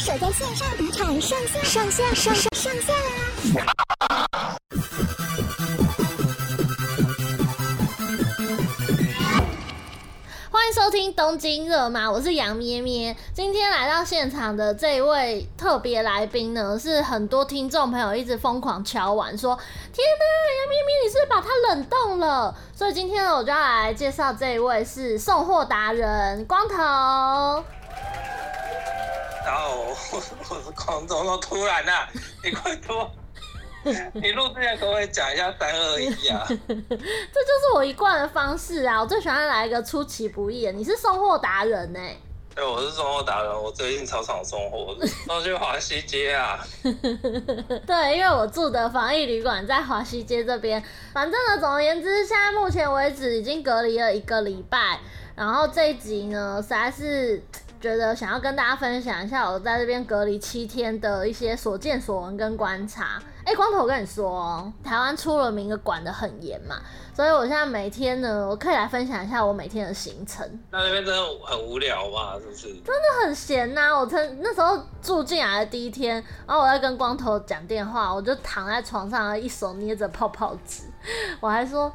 守在線上打鏟上下上下上上下啦、啊啊！歡迎收聽《東京熱嗎》，我是羊咩咩。今天來到現場的這一位特別來賓呢，是很多聽眾朋友一直瘋狂敲碗說：“天哪，羊咩咩，你是不是把它冷凍了？”所以今天呢，我就要來介紹這一位是送貨達人光頭。然、啊、後、哦、我是空中，我怎麼那麼突然吶、啊，你快說， 你錄這樣可不可以講一下三二一啊？ 這就是我一貫的方式啊，我最喜歡來一個出其不意的。你是送貨達人呢、欸？對，我是送貨達人，我最近超常送貨，送去華西街啊。 對，因為我住的防疫旅館在華西街這邊。反正呢，總而言之，現在目前為止已經隔離了一個禮拜，然後這一集呢，實在是。覺得想要跟大家分享一下我在這邊隔離七天的一些所見所聞跟觀察。哎、欸，光頭，我跟你說、喔，台灣出了名的管得很嚴嘛，所以我現在每天呢，我可以來分享一下我每天的行程。那那邊真的很無聊嘛，是不是？真的很閒吶、啊。我曾那時候住進來的第一天，然後我在跟光頭講電話，我就躺在床上，一手捏着泡泡紙，我還說，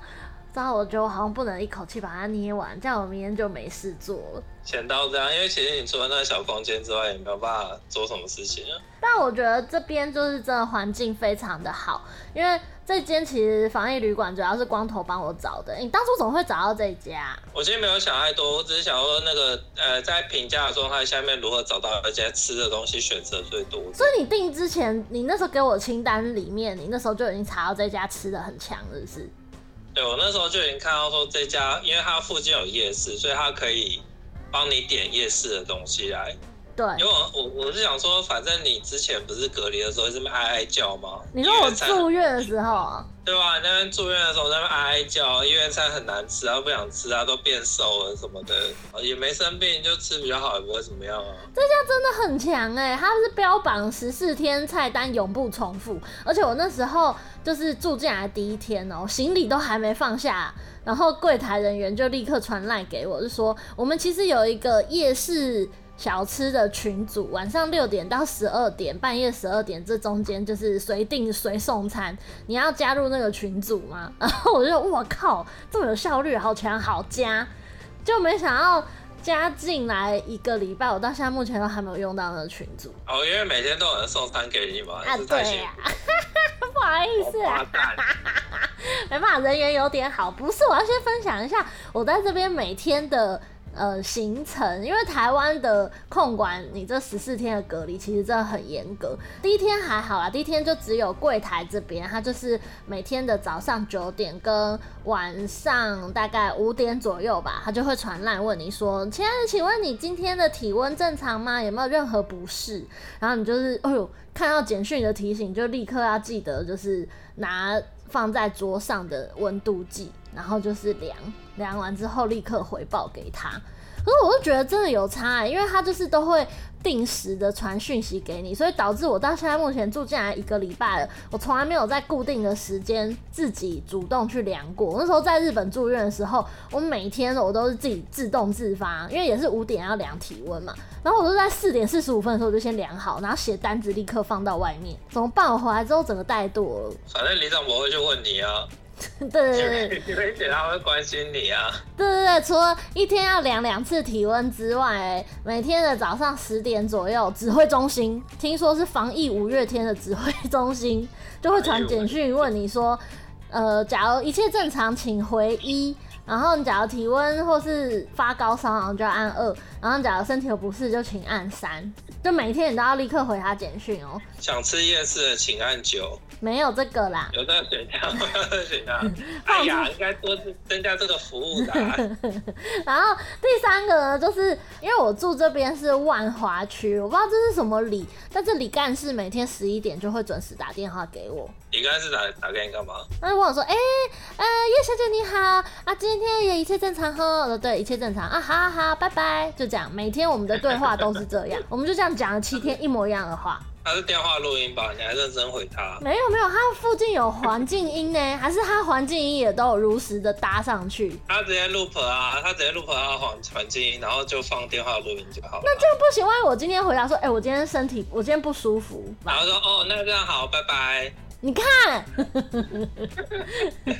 糟，我覺得我好像不能一口氣把它捏完，這樣我明天就沒事做了。錢到這樣，因為其實你除了那個小空間之外，也沒有辦法做什麼事情啊。但我覺得這邊就是真的環境非常的好，因為這間其實防疫旅館主要是光頭幫我找的。你當初怎麼會找到這一家？我今天沒有想太多，我只是想說那個呃，在評價的狀態下面如何找到一家吃的東西選擇最多。所以你訂之前，你那時候給我清單裡面，你那時候就已經查到這家吃的很強，是不是？對，我那時候就已經看到說這家，因為它附近有夜市，所以它可以。幫你點夜市的東西來。對，因為我我，我是想說，反正你之前不是隔離的時候在那邊哀哀叫嗎？你說我住院的時候、啊、對吧、啊？那邊住院的時候在那邊哀哀叫，醫院餐很難吃啊，不想吃啊，都變瘦了什麼的， 也沒生病，就吃比較好，也不會怎麼樣啊。這家真的很強哎、欸，他是標榜十四天菜單永不重複，而且我那時候就是住進來第一天哦、喔，行李都還沒放下，然後櫃檯人員就立刻傳賴給我，就說我們其實有一個夜市。小吃的群組，晚上六點到十二點，半夜十二點這中間就是誰訂誰送餐。你要加入那個群組嗎？然後我就我靠，這麼有效率，好強，好加，就沒想到加進來一個禮拜，我到現在目前都還沒有用到那個群組。哦，因為每天都有人送餐給你嘛。啊對啊， 不好意思啊，好，沒辦法。人緣有點好。不是，我要先分享一下我在這邊每天的。呃，行程，因為台灣的控管，你這十四天的隔離其實真的很嚴格。第一天還好啦，第一天就只有櫃台這邊，他就是每天的早上九點跟晚上大概五點左右吧，他就會傳來問你說：“親愛的，請問你今天的體溫正常嗎？有沒有任何不適？”然後你就是，哦喲，看到簡訊的提醒，就立刻要記得，就是拿放在桌上的溫度計。然後就是量，量完之後立刻回報給他。可是我就覺得真的有差欸，因為他就是都會定時的傳訊息給你，所以導致我到現在目前住進來一個禮拜了，我從來沒有在固定的時間自己主動去量過。那時候在日本住院的時候，我每天我都是自己自動自發，因為也是五點要量體溫嘛。然後我就在四點四十五分的時候我就先量好，然後寫單子立刻放到外面。怎麼辦？我回來之後整個怠惰，反正里長伯會去問你啊。 對，對，對對對，因為警察會關心你啊。對對對，除了一天要量兩次體溫之外，每天的早上十點左右，指揮中心聽說是防疫五月天的指揮中心，就會傳簡訊問你說、哎，呃，假如一切正常，請回一。然後你假如體溫或是發高燒，然後就要按二。然後你假如身體有不適，就請按三。就每天你都要立刻回他簡訊哦、喔。想吃夜市的，請按九。沒有這個啦，有這個選項，沒有這個選項。對、 哎、呀，應該多是增加這個服務的、啊。 然後第三個呢，就是因為我住這邊是萬華區，我不知道這是什麼里。但是李幹事每天十一點就會準時打電話給我。李幹事打打電話幹嘛？他就問我說：“哎、欸，呃，葉小姐你好啊，今天也一切正常呵、哦？對，一切正常啊，好啊好，拜拜。”就這樣每天我們的對話都是這樣， 我們就這樣講了七天一模一樣的話。他是電話錄音吧？你還認真回他？沒有沒有，他附近有環境音呢， 還是他環境音也都有如實的搭上去？他直接錄啊，他直接錄、啊、他環環境音，然後就放電話錄音就好了。那就不行，萬一我今天回答說，哎、欸，我今天身體，我今天不舒服。然後說，哦，那這樣好，拜拜。你看， 他可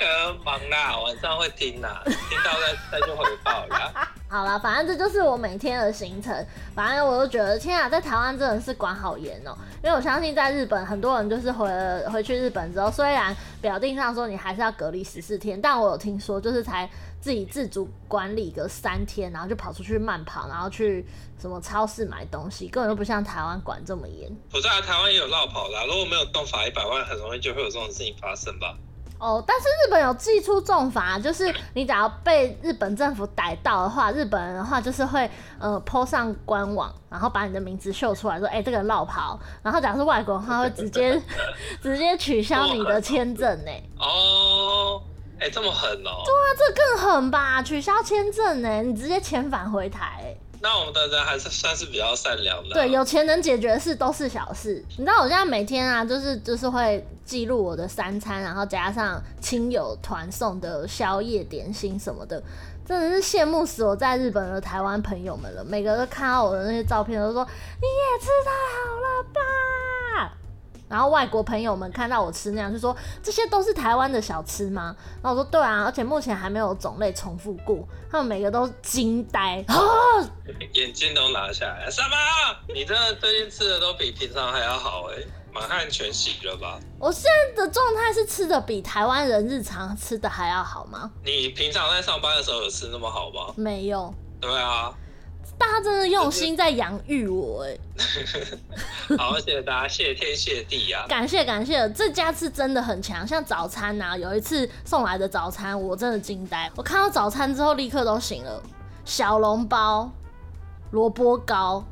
能忙啦，晚上會聽啦，聽到再再就回報啦。 好了，反正這就是我每天的行程。反正我都覺得，天啊，在台灣真的是管好嚴哦。因為我相信，在日本很多人就是回了回去日本之後，雖然表定上說你還是要隔離十四天，但我有聽說就是才自己自主管理個三天，然後就跑出去慢跑，然後去什麼超市買東西，根本就不像台灣管這麼嚴。我在台灣也有落跑了，如果沒有動法一百萬，很容易就會有這種事情發生吧。哦，但是日本有寄出重罰，就是你只要被日本政府逮到的話，日本人的話就是會呃，PO 上官網，然後把你的名字秀出來，說哎、欸，這個人落跑，然後假如是外國的話，會直接 直接取消你的簽證呢、欸。哦，哎、哦欸，這麼狠哦？對啊，這更狠吧？取消簽證呢、欸？你直接遣返回台、欸。那我們的人還是算是比較善良的啊。對，有錢能解決的事都是小事。你知道我現在每天啊，就是就是會記錄我的三餐，然後加上親友團送的宵夜點心什麼的，真的是羨慕死我在日本的台灣朋友們了。每個都看到我的那些照片，都說你也吃太好了吧。然後外國朋友們看到我吃那樣，就說這些都是台灣的小吃嗎？然後我說對啊，而且目前還沒有種類重複過，他們每個都驚呆，啊，眼鏡都拿下來了，什麼、啊？你真的最近吃的都比平常還要好哎、欸，滿漢全席了吧？我現在的狀態是吃的比台灣人日常吃的還要好嗎？你平常在上班的時候有吃那麼好嗎？沒有。對啊。大家真的用心在養育我哎、欸！好謝謝大家，謝天謝地啊！感謝感謝，感謝這家是真的很強。像早餐吶、啊，有一次送來的早餐，我真的驚呆。我看到早餐之後，立刻都醒了。小籠包、蘿蔔糕，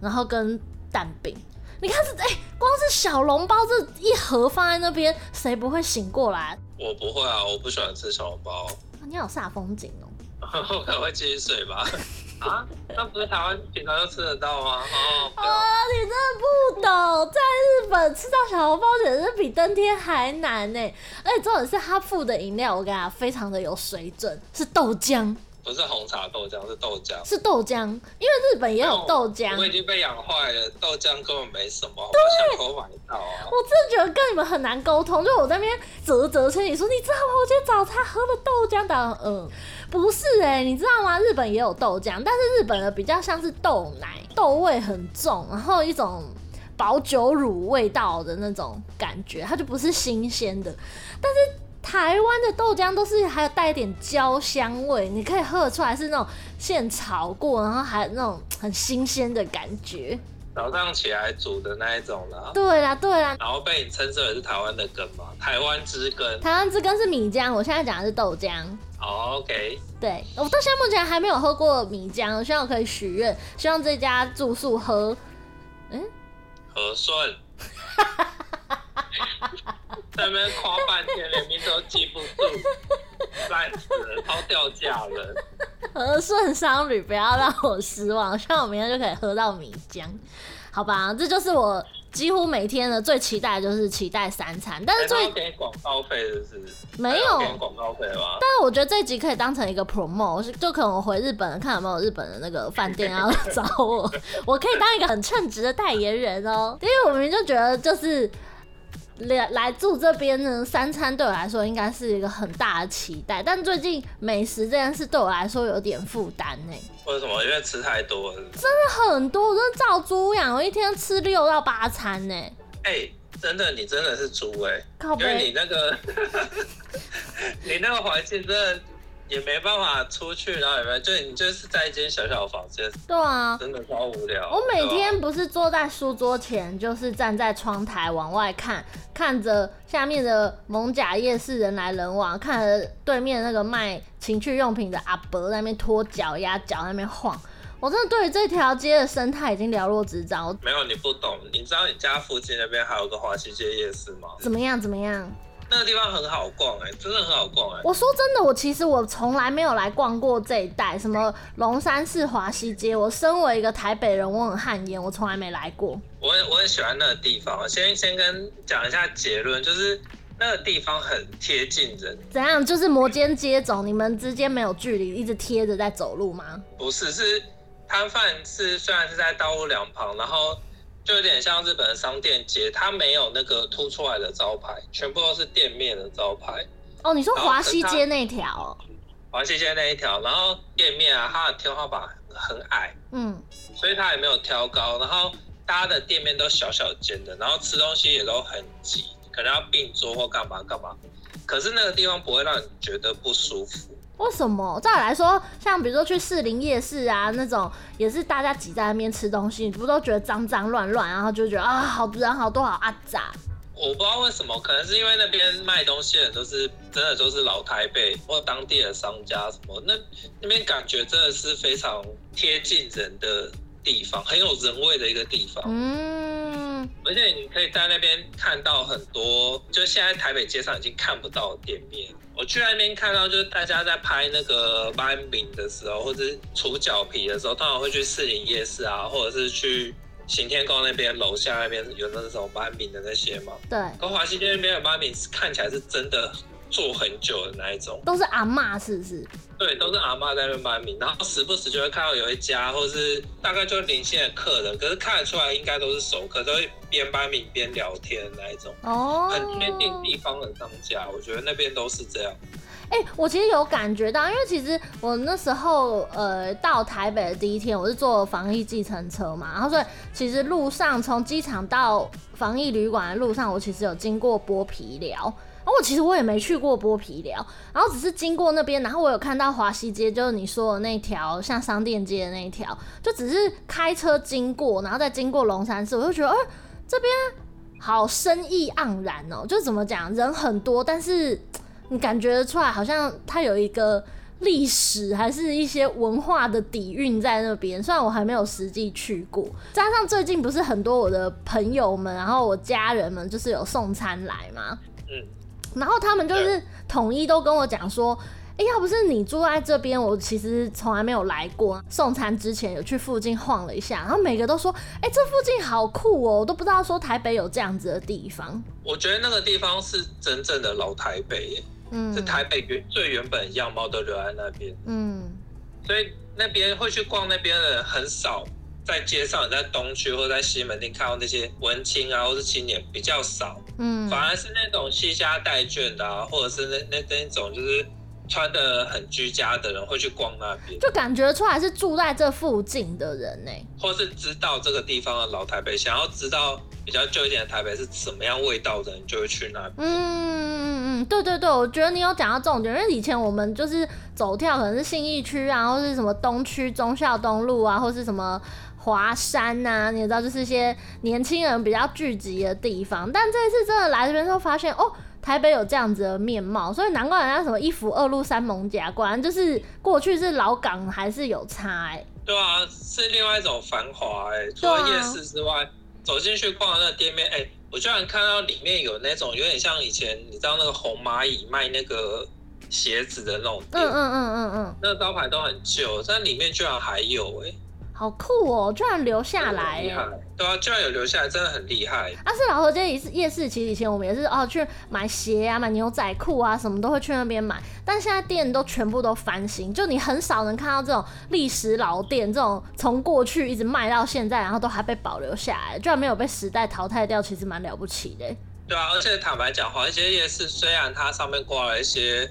然後跟蛋餅。你看是哎、欸，光是小籠包這一盒放在那邊，誰不會醒過來？我不會啊，我不喜歡吃小籠包。你好煞風景哦、喔！ 我可能會繼續睡吧。啊，那不是台灣平常就吃得到嗎？哦、 啊，你真的不懂，在日本吃到小籠包簡直比登天還難呢！而且重點是他附的飲料，我跟你講，非常的有水準，是豆漿。不是紅茶豆漿，是豆漿。是豆漿，因為日本也有豆漿。我已經被養壞了，豆漿根本沒什麼，我想都買得到。我真的覺得跟你們很難溝通，就我在那邊嘖嘖稱你說，你知道嗎？我今天早餐喝了豆漿，打嗯、呃，不是哎、欸，你知道嗎？日本也有豆漿，但是日本的比較像是豆奶，豆味很重，然後一種保久乳味道的那種感覺，它就不是新鮮的，但是。台灣的豆漿都是還有帶一點焦香味，你可以喝得出來是那種現炒過，然後還那種很新鮮的感覺。早上起來煮的那一種了。對啦對啦，然後被你稱之為是台灣的根嘛，台灣之根。台灣之根是米漿，我現在講的是豆漿。Oh, OK。對，我到現在目前還沒有喝過米漿，希望我可以許願，希望這家住宿喝。嗯、和順，哈哈。 在那邊誇半天，連 名都記不住，爛 死了，超掉價了。和順商旅不要讓我失望，像我明天就可以喝到米漿，好吧？這就是我幾乎每天的最期待，就是期待三餐。但是最給廣告費的是，是沒有廣告費吧？但是我覺得這一集可以當成一個 promo，就可能我回日本看有沒有日本的那個飯店要找我， 我可以當一個很稱職的代言人哦，因為我明明就覺得就是。來，來住這邊呢，三餐對我來說，應該是一個很大的期待，但最近美食這件事對我來說有點負擔呢。為什麼？因為吃太多了。真的很多，我真的照豬養，我一天吃六到八餐呢。哎、欸，真的，你真的是豬哎、欸！因為你那個， 你那個環境真的。也沒辦法出去，然後也沒就你就是在一間小小的房間，對啊，真的超無聊。我每天不是坐在書桌前，啊、就是站在窗台往外看，看着下面的艋舺夜市人來人往，看着對面那個賣情趣用品的阿伯在那邊拖腳壓腳在那邊晃，我真的對於這條街的生態已經了如指掌。沒有你不懂，你知道你家附近那邊還有個華西街夜市嗎？怎麼樣？怎麼樣？那個地方很好逛，哎、欸，真的很好逛哎、欸。我說真的，我其實我從來沒有來逛過這一帶，什麼龍山寺、華西街，我身為一個台北人，我很汗顏，我從來沒來過。我我很喜歡那個地方。先先跟講一下結論，就是那個地方很貼近人。怎樣？就是摩肩接踵，你們之間沒有距離，一直貼着在走路嗎？不是，是攤販是雖然是在道路兩旁，然後。就有點像日本的商店街，它沒有那個凸出來的招牌，全部都是店面的招牌。哦，你說華西街那一條哦？華西街那一條，然後店面啊，它的天花板很矮，嗯，所以它也沒有挑高，然後大家的店面都小小間的，然後吃東西也都很擠，可能要併桌或幹嘛幹嘛。可是那個地方不會讓你覺得不舒服。為什麼？照你來說，像比如說去士林夜市啊，那種也是大家擠在那邊吃東西，你不都覺得髒髒亂亂，然後就覺得啊，好多人，好多好阿雜。我不知道為什麼，可能是因為那邊賣東西的都是真的都是老台北或當地的商家什麼，那那邊感覺真的是非常貼近人的地方，很有人味的一個地方。嗯，而且你可以在那邊看到很多，就現在台北街上已經看不到的店面。我去那邊看到，就是大家在拍那個班餅的時候，或者是除腳皮的時候，當然會去士林夜市啊，或者是去行天宮那邊樓下那邊有那種班餅的那些嘛。對，跟華西街那邊的班餅看起來是真的做很久的那一種，都是阿嬤是不是？對，都是阿嬤在那邊班餅，然後時不時就會看到有一家，或是大概就零星的客人，可是看得出來應該都是熟客對。就會邊擺明邊聊天那一種哦，很貼近地方的商家，我覺得那邊都是這樣。哎、欸，我其實有感覺到，因為其實我那時候呃到台北的第一天，我是坐防疫計程車嘛，然後所以其實路上從機場到防疫旅館的路上，我其實有經過剝皮寮，然後我其實我也沒去過剝皮寮，然後只是經過那邊，然後我有看到華西街，就是你說的那條像商店街的那一條，就只是開車經過，然後再經過龍山寺，我就覺得哎。欸這邊好生意盎然哦，就怎麼講，人很多，但是你感覺得出來好像它有一個歷史，還是一些文化的底蘊在那邊。雖然我還沒有實際去過，加上最近不是很多我的朋友們，然後我家人們就是有送餐來嘛，嗯，然後他們就是統一都跟我講說。哎，要不是你住在這邊，我其實從來沒有來過。送餐之前有去附近晃了一下，然後每個都說：“哎，這附近好酷哦！”我都不知道說台北有這樣子的地方。我覺得那個地方是真正的老台北耶，嗯，是台北最原本樣貌都留在那邊，嗯。所以那邊會去逛那邊的人很少，在街上，在東區或者在西門町看到那些文青啊，或是青年比較少，嗯，反而是那種西家帶捲的啊，或者是那那那種就是。穿得很居家的人會去逛那邊，就感覺出來是住在這附近的人呢、欸，或是知道這個地方的老台北，想要知道比較舊一點的台北是什麼樣味道的人就會去那邊。嗯嗯嗯，對對對，我覺得你有講到重點，因為以前我們就是走跳，可能是信義區啊，或是什麼東區忠孝東路啊，或是什麼華山啊，你也知道，就是一些年輕人比較聚集的地方。但這一次真的來這邊之後，發現哦。台北有這樣子的面貌，所以難怪人家什麼一府二鹿三盟，三艋舺。果然就是過去是老港還是有差，欸。對啊，是另外一種繁華，欸。除了夜市之外，啊、走進去逛那個店面，哎、欸，我居然看到裡面有那種有點像以前，你知道那個紅螞蟻賣那個鞋子的那種店，嗯嗯嗯嗯嗯，那個招牌都很舊，但裡面居然還有哎、欸。好酷哦、喔，居然留下來、欸！厲害，對啊，居然有留下來，真的很厲害。啊，是老和街也是夜市，其實以前我們也是哦，去買鞋啊、買牛仔褲啊，什麼都會去那邊買。但現在店都全部都翻新，就你很少能看到這種歷史老店，這種從過去一直賣到現在，然後都還被保留下來，居然沒有被時代淘汰掉，其實蠻了不起的、欸。對啊，而且坦白講，華西街夜市雖然它上面掛了一些。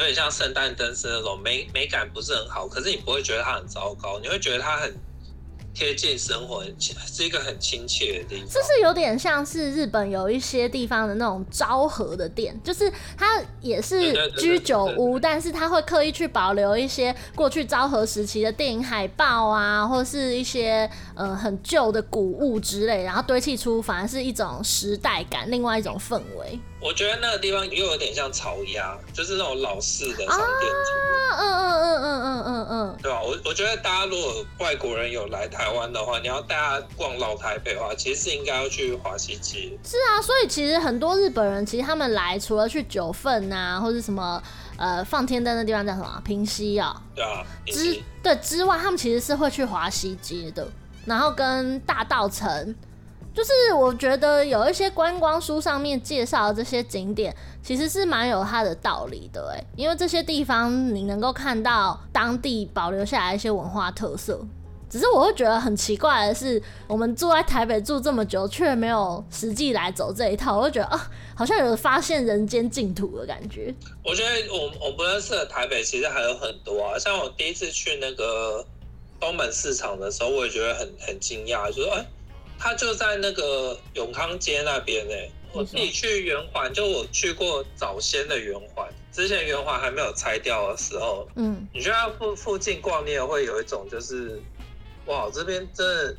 有點像聖誕燈飾那種美美感，不是很好，可是你不會覺得它很糟糕，你會覺得它很貼近生活，是一個很親切的地方。就是有點像是日本有一些地方的那種昭和的店，就是它也是居酒屋，但是它會刻意去保留一些過去昭和時期的電影海報啊，或是一些呃很舊的古物之類，然後堆砌出反而是一種時代感，另外一種氛圍。我覺得那個地方又有點像巢鴨，就是那種老式的商店街，啊。嗯嗯嗯嗯嗯嗯嗯。對吧？我我覺得大家如果外國人有來台灣的話，你要帶大家逛老台北的話，其實是應該要去華西街。是啊，所以其實很多日本人其實他們來除了去九份啊，或者什麼呃放天燈的地方叫什麼平溪啊，喔，對啊，之對之外，他們其實是會去華西街的，然後跟大稻埕。就是我覺得有一些觀光書上面介紹的這些景點，其實是蠻有它的道理的哎，因為這些地方你能夠看到當地保留下來一些文化特色。只是我會覺得很奇怪的是，我們住在台北住這麼久，卻沒有實際來走這一套，我就覺得啊，好像有發現人間淨土的感覺。我覺得我我不認識的台北其實還有很多、啊，像我第一次去那個東門市場的時候，我也覺得很很驚訝，就說、是、哎。欸他就在那個永康街那邊誒、欸，我自己去圓環，就我去過早先的圓環，之前圓環還沒有拆掉的時候，嗯，你覺得附附近逛你也會有一種就是，哇，這邊真的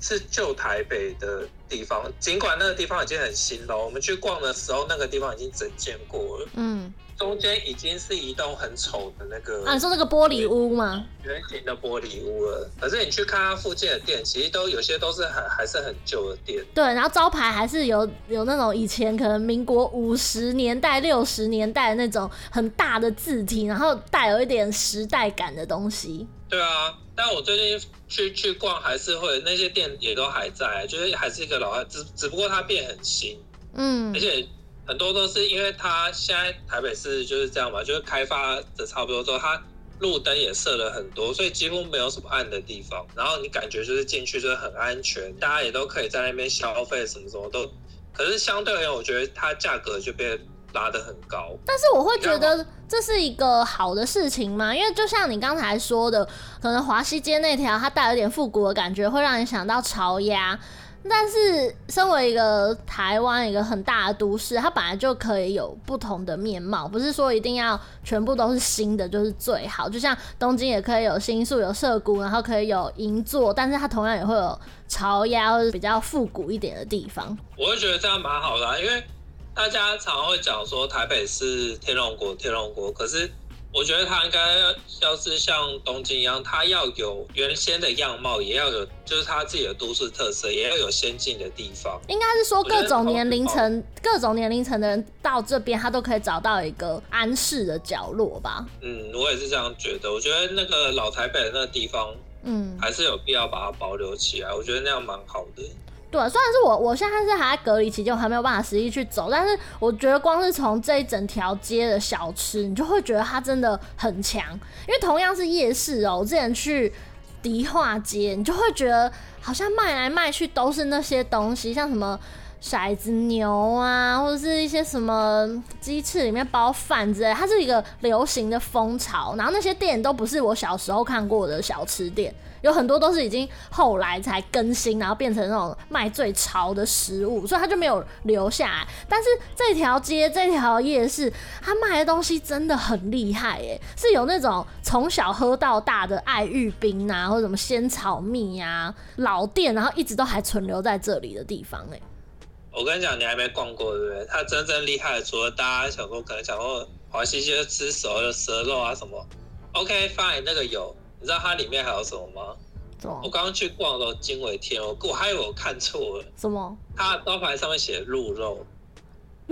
是舊台北的地方，儘管那個地方已經很新了，我們去逛的時候那個地方已經整建過了，嗯。中間已經是一棟很醜的那個的啊，你說那個玻璃屋嗎？圓形的玻璃屋了。可是你去看它附近的店，其實都有些都是很還是很舊的店。對，然後招牌還是有有那種以前可能民國五十年代、六十年代的那種很大的字體，然後帶有一點時代感的東西。對啊，但我最近去去逛還是會，那些店也都還在，就是還是一個老外，只只不過它變很新。嗯，而且。很多都是因為它現在台北市就是這樣嘛，就是開發的差不多之後，它路燈也設了很多，所以幾乎沒有什麼暗的地方。然後你感覺就是進去就是很安全，大家也都可以在那邊消費什麼什麼都。可是相對而言，我覺得它價格就被拉得很高。但是我會覺得這是一個好的事情嗎？因為就像你剛才說的，可能華西街那條它帶了點復古的感覺，會讓你想到巢鴨。但是，身為一個台灣一個很大的都市，它本來就可以有不同的面貌，不是說一定要全部都是新的就是最好。就像東京也可以有新宿、有澀谷，然後可以有銀座，但是它同樣也會有巢鴨，或者比較復古一點的地方。我會覺得這樣蠻好的啊，因為大家常常會講說台北是天龍國，天龍國可是。我覺得它應該要,要是像東京一樣，它要有原先的樣貌，也要有就是它自己的都市特色，也要有先進的地方。應該是說各種年齡層、各種年齡層的人到這邊，他都可以找到一個安適的角落吧。嗯，我也是這樣覺得。我覺得那個老台北的那個地方，嗯，還是有必要把它保留起來。我覺得那樣蠻好的。對，雖然是我，我現在是還在隔離期間，我還沒有辦法實際去走，但是我覺得光是從這一整條街的小吃，你就會覺得它真的很強，因為同樣是夜市哦、喔，我之前去迪化街，你就會覺得好像賣來賣去都是那些東西，像什麼骰子牛啊，或者是一些什麼雞翅裡面包飯之類的，它是一個流行的風潮，然後那些店都不是我小時候看過的小吃店。有很多都是已經後來才更新，然後變成那種賣最潮的食物，所以他就沒有留下來。但是這條街這條夜市，他賣的東西真的很厲害耶，是有那種從小喝到大的愛玉冰啊，或者什麼仙草蜜呀、啊，老店，然後一直都還存留在這裡的地方哎。我跟你講，你還沒逛過對不對？他真正厲害的，除了大家想過可能想過華西街吃蛇的蛇肉啊什麼，OK fine 那個有。你知道它裡面還有什麼嗎？麼我剛剛去逛了經緯天哦，我還以為我看錯了。什麼？它招牌上面寫鹿肉。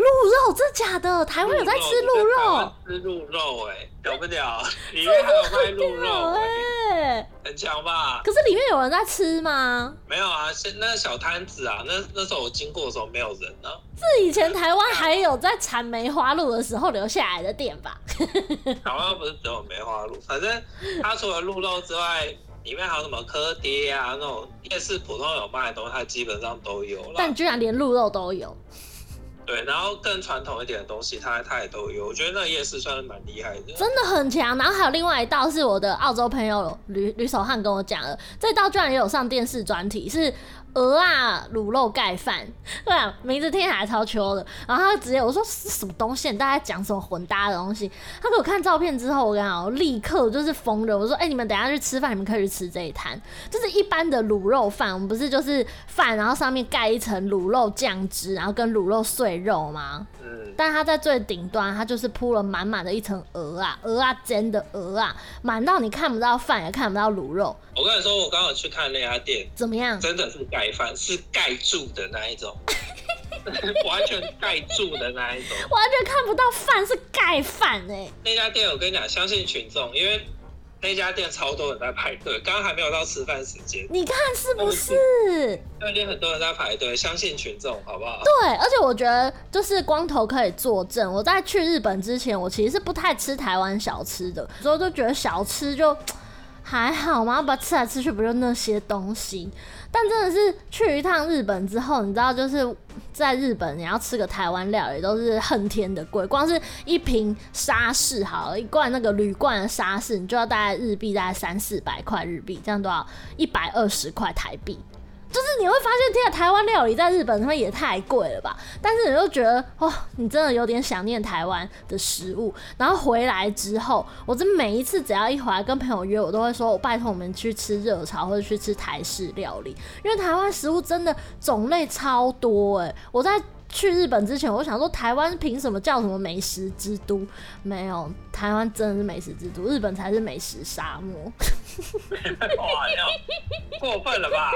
鹿肉，真的假的？台灣有在吃鹿肉？鹿肉吃鹿肉，欸，哎，屌不屌？裡面還有賣鹿肉，欸，哎，很強吧？可是裡面有人在吃嗎？沒有啊，那小攤子啊，那那時候我經過的時候沒有人呢，啊。是以前台灣還有在產梅花鹿的時候留下來的店吧？台灣不是只有梅花鹿，反正它除了鹿肉之外，裡面還有什麼蚵嗲啊？那種夜市普通有賣的東西，它基本上都有。但居然連鹿肉都有。對，然後更傳統一點的東西，它它也都有。我覺得那夜市算是蠻厲害的，真的很強。然後還有另外一道，是我的澳洲朋友呂呂守漢跟我講的，這道居然也有上電視專題是。鵝啊，滷肉蓋飯，對啊，名字聽起來還超秋的。然後他就直接我說是什麼東西？大家講什麼混搭的東西？他給我看照片之後，我跟你講，我立刻就是瘋了。我說，哎、欸，你們等一下去吃飯，你們可以去吃這一攤，就是一般的滷肉飯。我們不是就是飯，然後上面蓋一層滷肉醬汁，然後跟滷肉碎肉嗎？但他在最頂端，他就是鋪了滿滿的一層蚵仔，蚵仔，蚵仔煎的蚵仔，滿到你看不到飯也看不到滷肉。我跟你說，我剛好去看那家店，怎麼樣？真的是蓋飯，是蓋住的那一種， 完全蓋住的那一種， 完全看不到飯，是蓋飯哎。那家店我跟你講，相信群眾，因為。那家店超多人在排隊，剛剛還沒有到吃飯時間，你看是不是？那邊很多人在排隊，相信群眾好不好？對，而且我覺得就是光頭可以作證，我在去日本之前，我其實是不太吃台灣小吃的，所以就覺得小吃就還好嘛，不然吃來吃去不就那些東西。但真的是去一趟日本之後，你知道，就是在日本你要吃個台灣料理都是恨天的貴，光是一瓶沙士好，好一罐那個鋁罐的沙士，你就要大概日幣大概三四百塊日幣，這樣多少？一百二十塊台幣。就是你會發現，天啊，台灣料理在日本他們也太貴了吧！但是你就覺得，哦，你真的有點想念台灣的食物。然後回來之後，我這每一次只要一回來跟朋友約我，我都會說我拜託你們去吃熱炒或者去吃台式料理，因為台灣食物真的種類超多誒。我在。去日本之前，我想說台灣憑什麼叫什麼美食之都？沒有，台灣真的是美食之都，日本才是美食沙漠。太 過分了吧？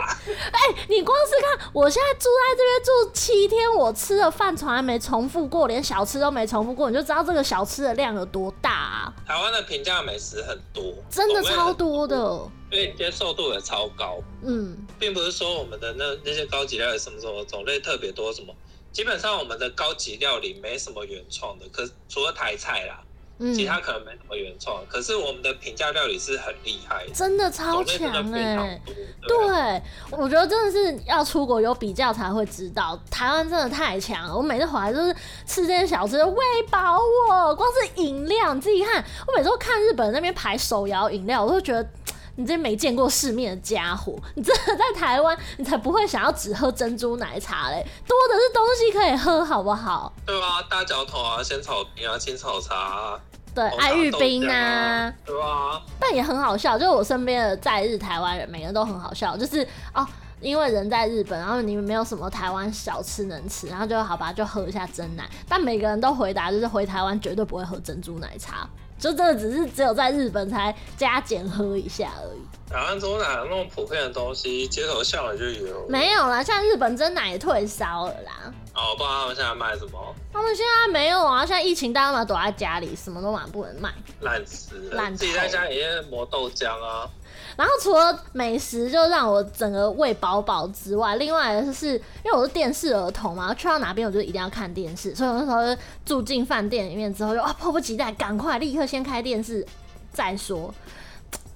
哎、欸，你光是看我現在住在這邊住七天，我吃的飯從來沒重複過，連小吃都沒重複過，你就知道這個小吃的量有多大，啊。台灣的平價美食很多，真的多超多的，所以接受度也超高。嗯，並不是說我們的那那些高級料理什麼什麼種類特別多什麼。基本上我們的高級料理沒什麼原創的，可是除了台菜啦、嗯，其他可能沒什麼原創的。可是我們的平價料理是很厲害的，真的超強哎！對，我覺得真的是要出國有比較才會知道，台灣真的太強了。我每次回來都是吃這些小吃餵飽我，光是飲料你自己看，我每次看日本那邊排手搖飲料，我都覺得。你這些沒見過世面的傢伙，你真的在台灣，你才不會想要只喝珍珠奶茶嘞，多的是東西可以喝，好不好？對啊，大腳桶啊，仙草冰啊，青草茶啊，對，愛玉冰啊，啊，對啊。但也很好笑，就是我身邊的在日台灣人，每個人都很好笑，就是哦，因為人在日本，然後你們沒有什麼台灣小吃能吃，然後就好吧，就喝一下珍奶。但每個人都回答，就是回台灣絕對不會喝珍珠奶茶。就真的只是只有在日本才加減喝一下而已。台灣珍奶那麼普遍的東西，街頭巷尾就有。沒有啦，像日本珍奶也退燒了啦。哦，我不知道他們現在賣什麼。他們現在沒有啊，現在疫情，大家都躲在家裡，什麼都嘛不能賣。懶食，懶食。自己在家裡磨豆漿啊。然後除了美食，就讓我整個胃飽飽之外，另外的是因為我是電視兒童嘛，去到哪邊我就一定要看電視。所以那時候就住進飯店裡面之後就，就啊迫不及待，趕快立刻先開電視再說。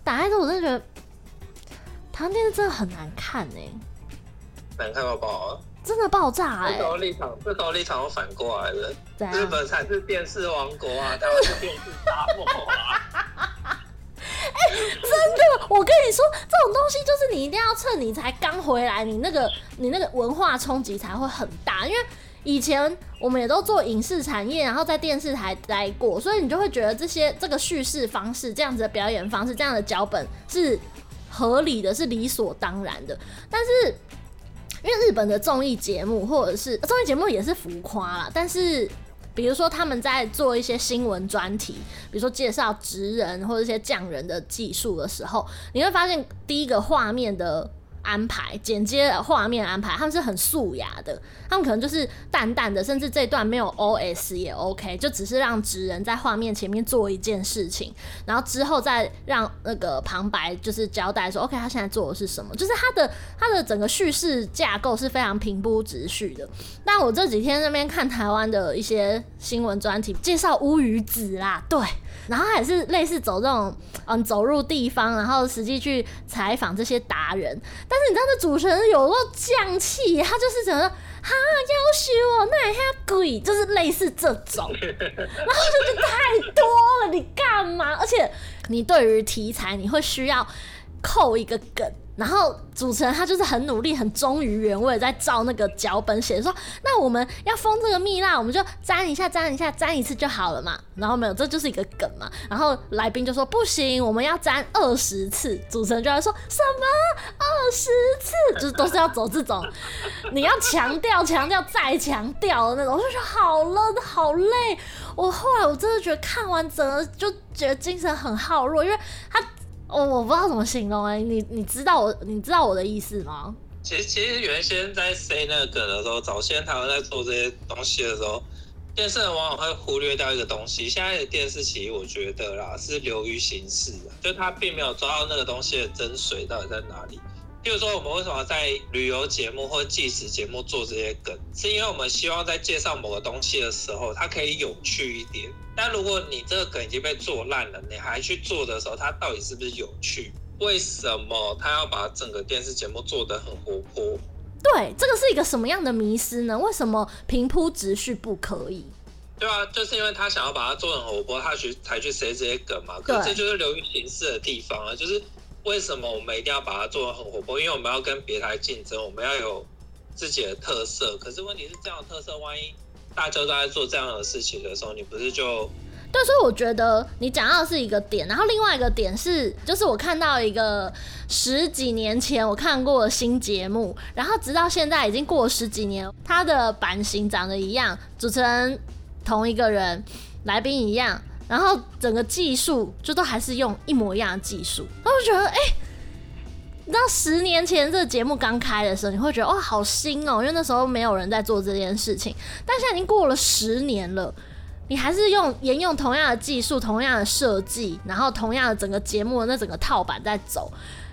打開之後，我真的覺得，台灣電視真的很難看呢、欸，難看到爆啊！真的爆炸，欸！這立場，這道立場我反過來了。日本才是電視王國啊，台灣是電視大漠啊。哎、 欸，真的，我跟你說，這種東西就是你一定要趁你才剛回來，你那個你那個文化衝擊才會很大。因為以前我們也都做影視產業，然後在電視台待過，所以你就會覺得這些這個敘事方式、這樣子的表演方式、這樣的腳本是合理的，是理所當然的。但是。因為日本的綜藝節目，或者是綜藝節目也是浮誇啦，但是比如說他們在做一些新聞專題，比如說介紹職人或者一些匠人的技術的時候，你會發現第一個畫面的。安排剪接畫面安排，他們是很素雅的，他們可能就是淡淡的，甚至這段沒有 OS 也 OK，就只是讓職人在畫面前面做一件事情，然後之後再讓那個旁白就是交代說 OK，他現在做的是什麼，就是他的他的整個敘事架構是非常平鋪直敘的。但我這幾天那邊看台灣的一些新聞專題，介紹烏魚子啦，對，然後也是類似走這種嗯走入地方，然後實際去採訪這些達人，但是你知道那主持人有時候降氣，他就是整個、啊、怎麼哈夭壽哦，那一下鬼，就是類似這種， 然後就是太多了，你幹嘛？而且你對於題材，你會需要扣一個梗。然後主持人他就是很努力、很忠於原味，在照那個腳本寫，說那我們要封這個蜜蠟，我們就粘一下、粘一下、粘一次就好了嘛。然後沒有，這就是一個梗嘛。然後來賓就說不行，我們要粘二十次。主持人就會說什麼二十次，就都是要走這種你要強調、強調、再強調的那種。我就覺得好冷、好累。我後來我真的覺得看完整個就覺得精神很耗弱，因為他。哦，我不知道怎麼形容哎、欸，你你知道我你知道我的意思嗎？其實其實原先在 say 那個梗的時候，早先他們在做這些東西的時候，電視人往往會忽略掉一個東西。現在的電視其實我覺得啦，是流於形式，就他並沒有抓到那個東西的真髓到底在哪裡。就是說，我們為什麼在旅遊節目或紀實節目做這些梗，是因為我們希望在介紹某個東西的時候，它可以有趣一點。但如果你這個梗已經被做爛了，你還去做的時候，它到底是不是有趣？為什麼他要把整個電視節目做得很活潑？對，這個是一個什麼樣的迷思呢？為什麼平鋪直敘不可以？對啊，就是因為他想要把它做成活潑，他去才去寫這些梗嘛。可是這就是流於形式的地方啊，就是。為什麼我們一定要把它做得很活潑？因為我們要跟別台競爭，我們要有自己的特色。可是問題是，這樣的特色，萬一大家都在做這樣的事情的時候，你不是就……對，所以我覺得你講到的是一個點，然後另外一個點是，就是我看到一個十幾年前我看過的新節目，然後直到現在已經過了十幾年，它的版型長得一樣，主持人同一個人，來賓一樣。然後整個技術就都還是用一模一樣的技術，我就覺得哎、欸、你知道十年前這個節目剛開的時候，你會覺得哦好新哦，因為那時候沒有人在做這件事情。但現在已經過了十年了，你還是用沿用同樣的技術、同樣的設計，然後同樣的整個節目的那整個套板在走，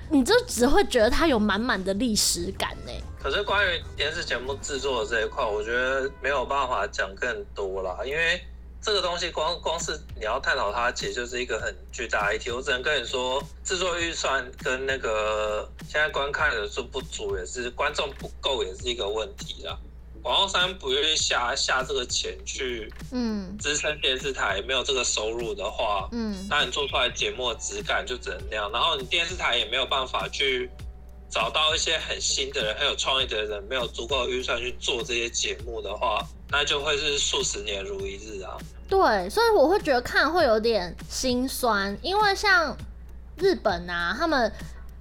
你就只會覺得它有滿滿的歷史感呢。可是關於電視節目製作的這一塊，我覺得沒有辦法講更多了，因為。這個東西光光是你要探討它，其實就是一個很巨大的議題。我只能跟你說，製作預算跟那個現在觀看人數不足也是，觀眾不夠也是一個問題啊。廣告商不願意下下這個錢去，嗯，支撐電視台沒有這個收入的話，嗯，那你做出來節目的質感就只能那樣。然後你電視台也沒有辦法去找到一些很新的人、很有創意的人，沒有足夠的預算去做這些節目的話，那就會是數十年如一日啊。對，所以我會覺得看會有點心酸，因為像日本啊，他們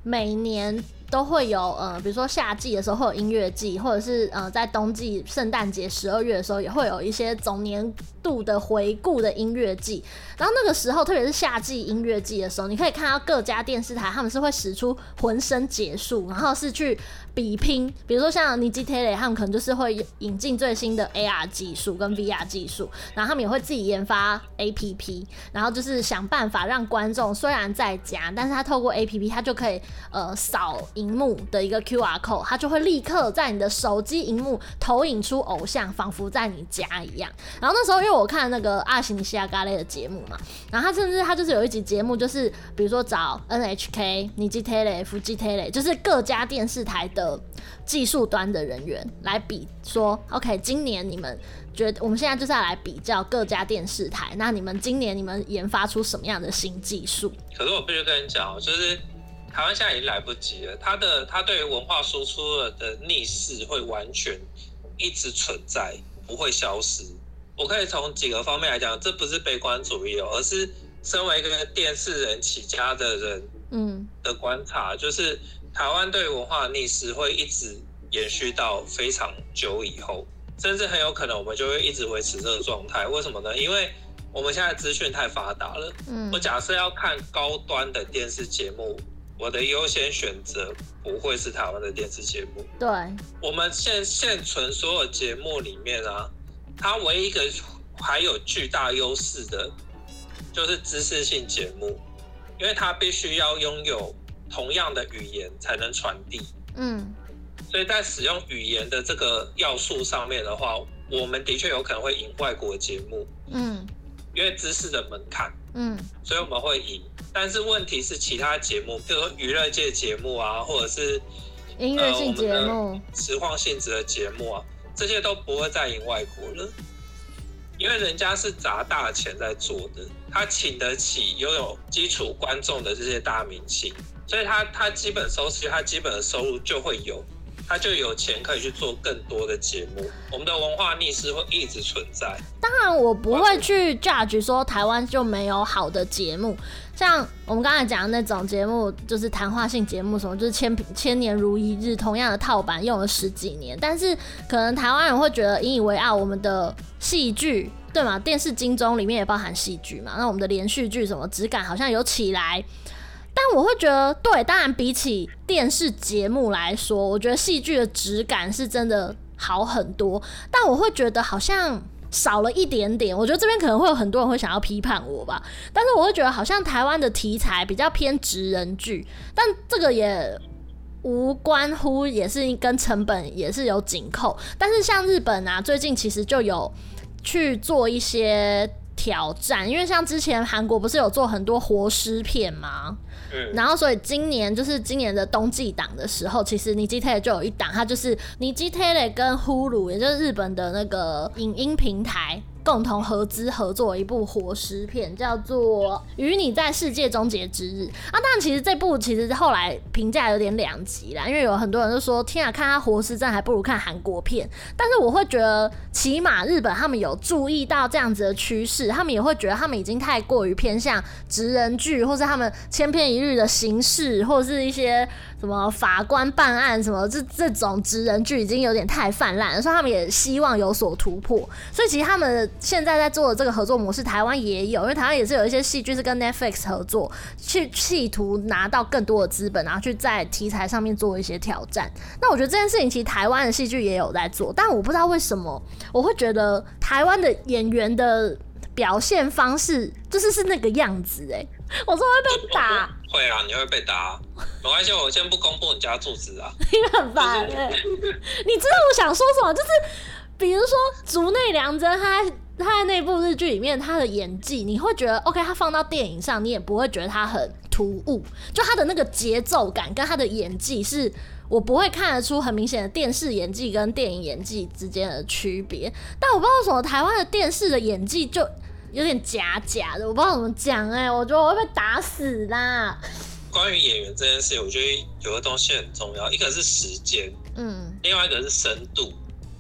每年都會有呃，比如說夏季的時候會有音樂季，或者是呃，在冬季聖誕節十二月的時候也會有一些總年度的回顧的音樂季。然後那個時候，特別是夏季音樂季的時候，你可以看到各家電視台他們是會使出渾身解數，然後是去。比拼，比如說像尼基特雷，他們可能就是會引進最新的 AR 技術跟 VR 技術，然後他們也會自己研發 APP，然後就是想辦法讓觀眾雖然在家，但是他透過 APP，他就可以呃掃熒幕的一個 QR code，他就會立刻在你的手機熒幕投影出偶像，仿彿在你家一樣。然後那時候因為我看那個阿行尼西亞咖喱的節目嘛，然後他甚至他就是有一集節目就是比如說找 NHK、尼基特雷、富基特雷，就是各家電視台的。技術端的人員來比說，OK，今年你們覺得，我們現在就是要來比較各家電視台。那你們今年你們研發出什麼樣的新技術？可是我必須跟你講，就是台灣現在已經來不及了。他的他對於文化輸出的逆勢會完全一直存在，不會消失。我可以從幾個方面來講，這不是悲觀主義哦，而是身為一個電視人起家的人的，嗯，的觀察就是。台灣對文化歷史會一直延續到非常久以後，甚至很有可能我們就會一直維持這個狀態。為什麼呢？因為我們現在資訊太發達了。嗯，我假設要看高端的電視節目，我的優先選擇不會是台灣的電視節目。對，我們現現存所有節目裡面啊，它唯一一個還有巨大優勢的，就是知識性節目，因為它必須要擁有，同樣的語言才能傳遞，嗯，所以在使用語言的這個要素上面的話，我們的確有可能會贏外國節目，嗯，因為知識的門檻，嗯，所以我們會贏，但是問題是其他節目，比如說娛樂界節目啊，或者是音樂性節目、呃、我們的實況性質的節目啊，這些都不會再贏外國了。因為人家是砸大錢，在做的，他請得起擁有基礎觀眾的這些大明星，所以他他基本收視，他基本的收入就會有。他就有錢可以去做更多的節目，我們的文化逆勢會一直存在。當然，我不會去 judge 說台灣就沒有好的節目，像我們剛才講的那種節目，就是談話性節目什麼，就是千千年如一日，同樣的套版用了十幾年。但是，可能台灣人會覺得引以為傲，我們的戲劇對嘛？電視金鐘裡面也包含戲劇嘛，那我們的連續劇什麼質感好像有起來。但我會覺得，對，當然比起電視節目來說，我覺得戲劇的質感是真的好很多。但我會覺得好像少了一點點。我覺得這邊可能會有很多人會想要批判我吧。但是我會覺得好像台灣的題材比較偏直人劇，但這個也無關乎，也是跟成本也是有緊扣。但是像日本啊，最近其實就有去做一些挑戰，因為像之前韓國不是有做很多活屍片嗎？嗯、然後，所以今年就是今年的冬季檔的時候，其實尼基特就有一檔，它就是尼基特跟 Hulu，也就是日本的那個影音平台。共同合資合作一部活屍片，叫做《與你在世界終結之日》啊！但其實這部其實後來評價有點兩極啦，因為有很多人都說：“天啊，看他活屍，真還不如看韓國片。”但是我會覺得，起碼日本他們有注意到這樣子的趨勢，他們也會覺得他們已經太過於偏向職人劇，或是他們千篇一律的形式，或者是一些。什麼法官辦案，什麼這這種職人劇已經有點太泛濫了，所以他們也希望有所突破。所以其實他們現在在做的這個合作模式，台灣也有，因為台灣也是有一些戲劇是跟 Netflix 合作，去企圖拿到更多的資本，然後去在題材上面做一些挑戰。那我覺得這件事情其實台灣的戲劇也有在做，但我不知道為什麼我會覺得台灣的演員的表現方式就是是那個樣子、欸。哎，我說會被打。會啊，你會被打啊。沒關係，我先不公布你家住址啊。你很煩哎，你知道我想說什麼，就是比如說竹內涼真，他在他在那部日劇裡面他的演技，你會覺得 OK，他放到電影上你也不會覺得他很突兀，就他的那個節奏感跟他的演技是，是我不會看得出很明顯的電視演技跟電影演技之間的區別。但我不知道為什麼台灣的電視的演技就。有點假假的，我不知道怎麼講哎、欸，我覺得我會被打死啦。關於演員這件事情，我覺得有個東西很重要，一個是時間，嗯，另外一個是深度，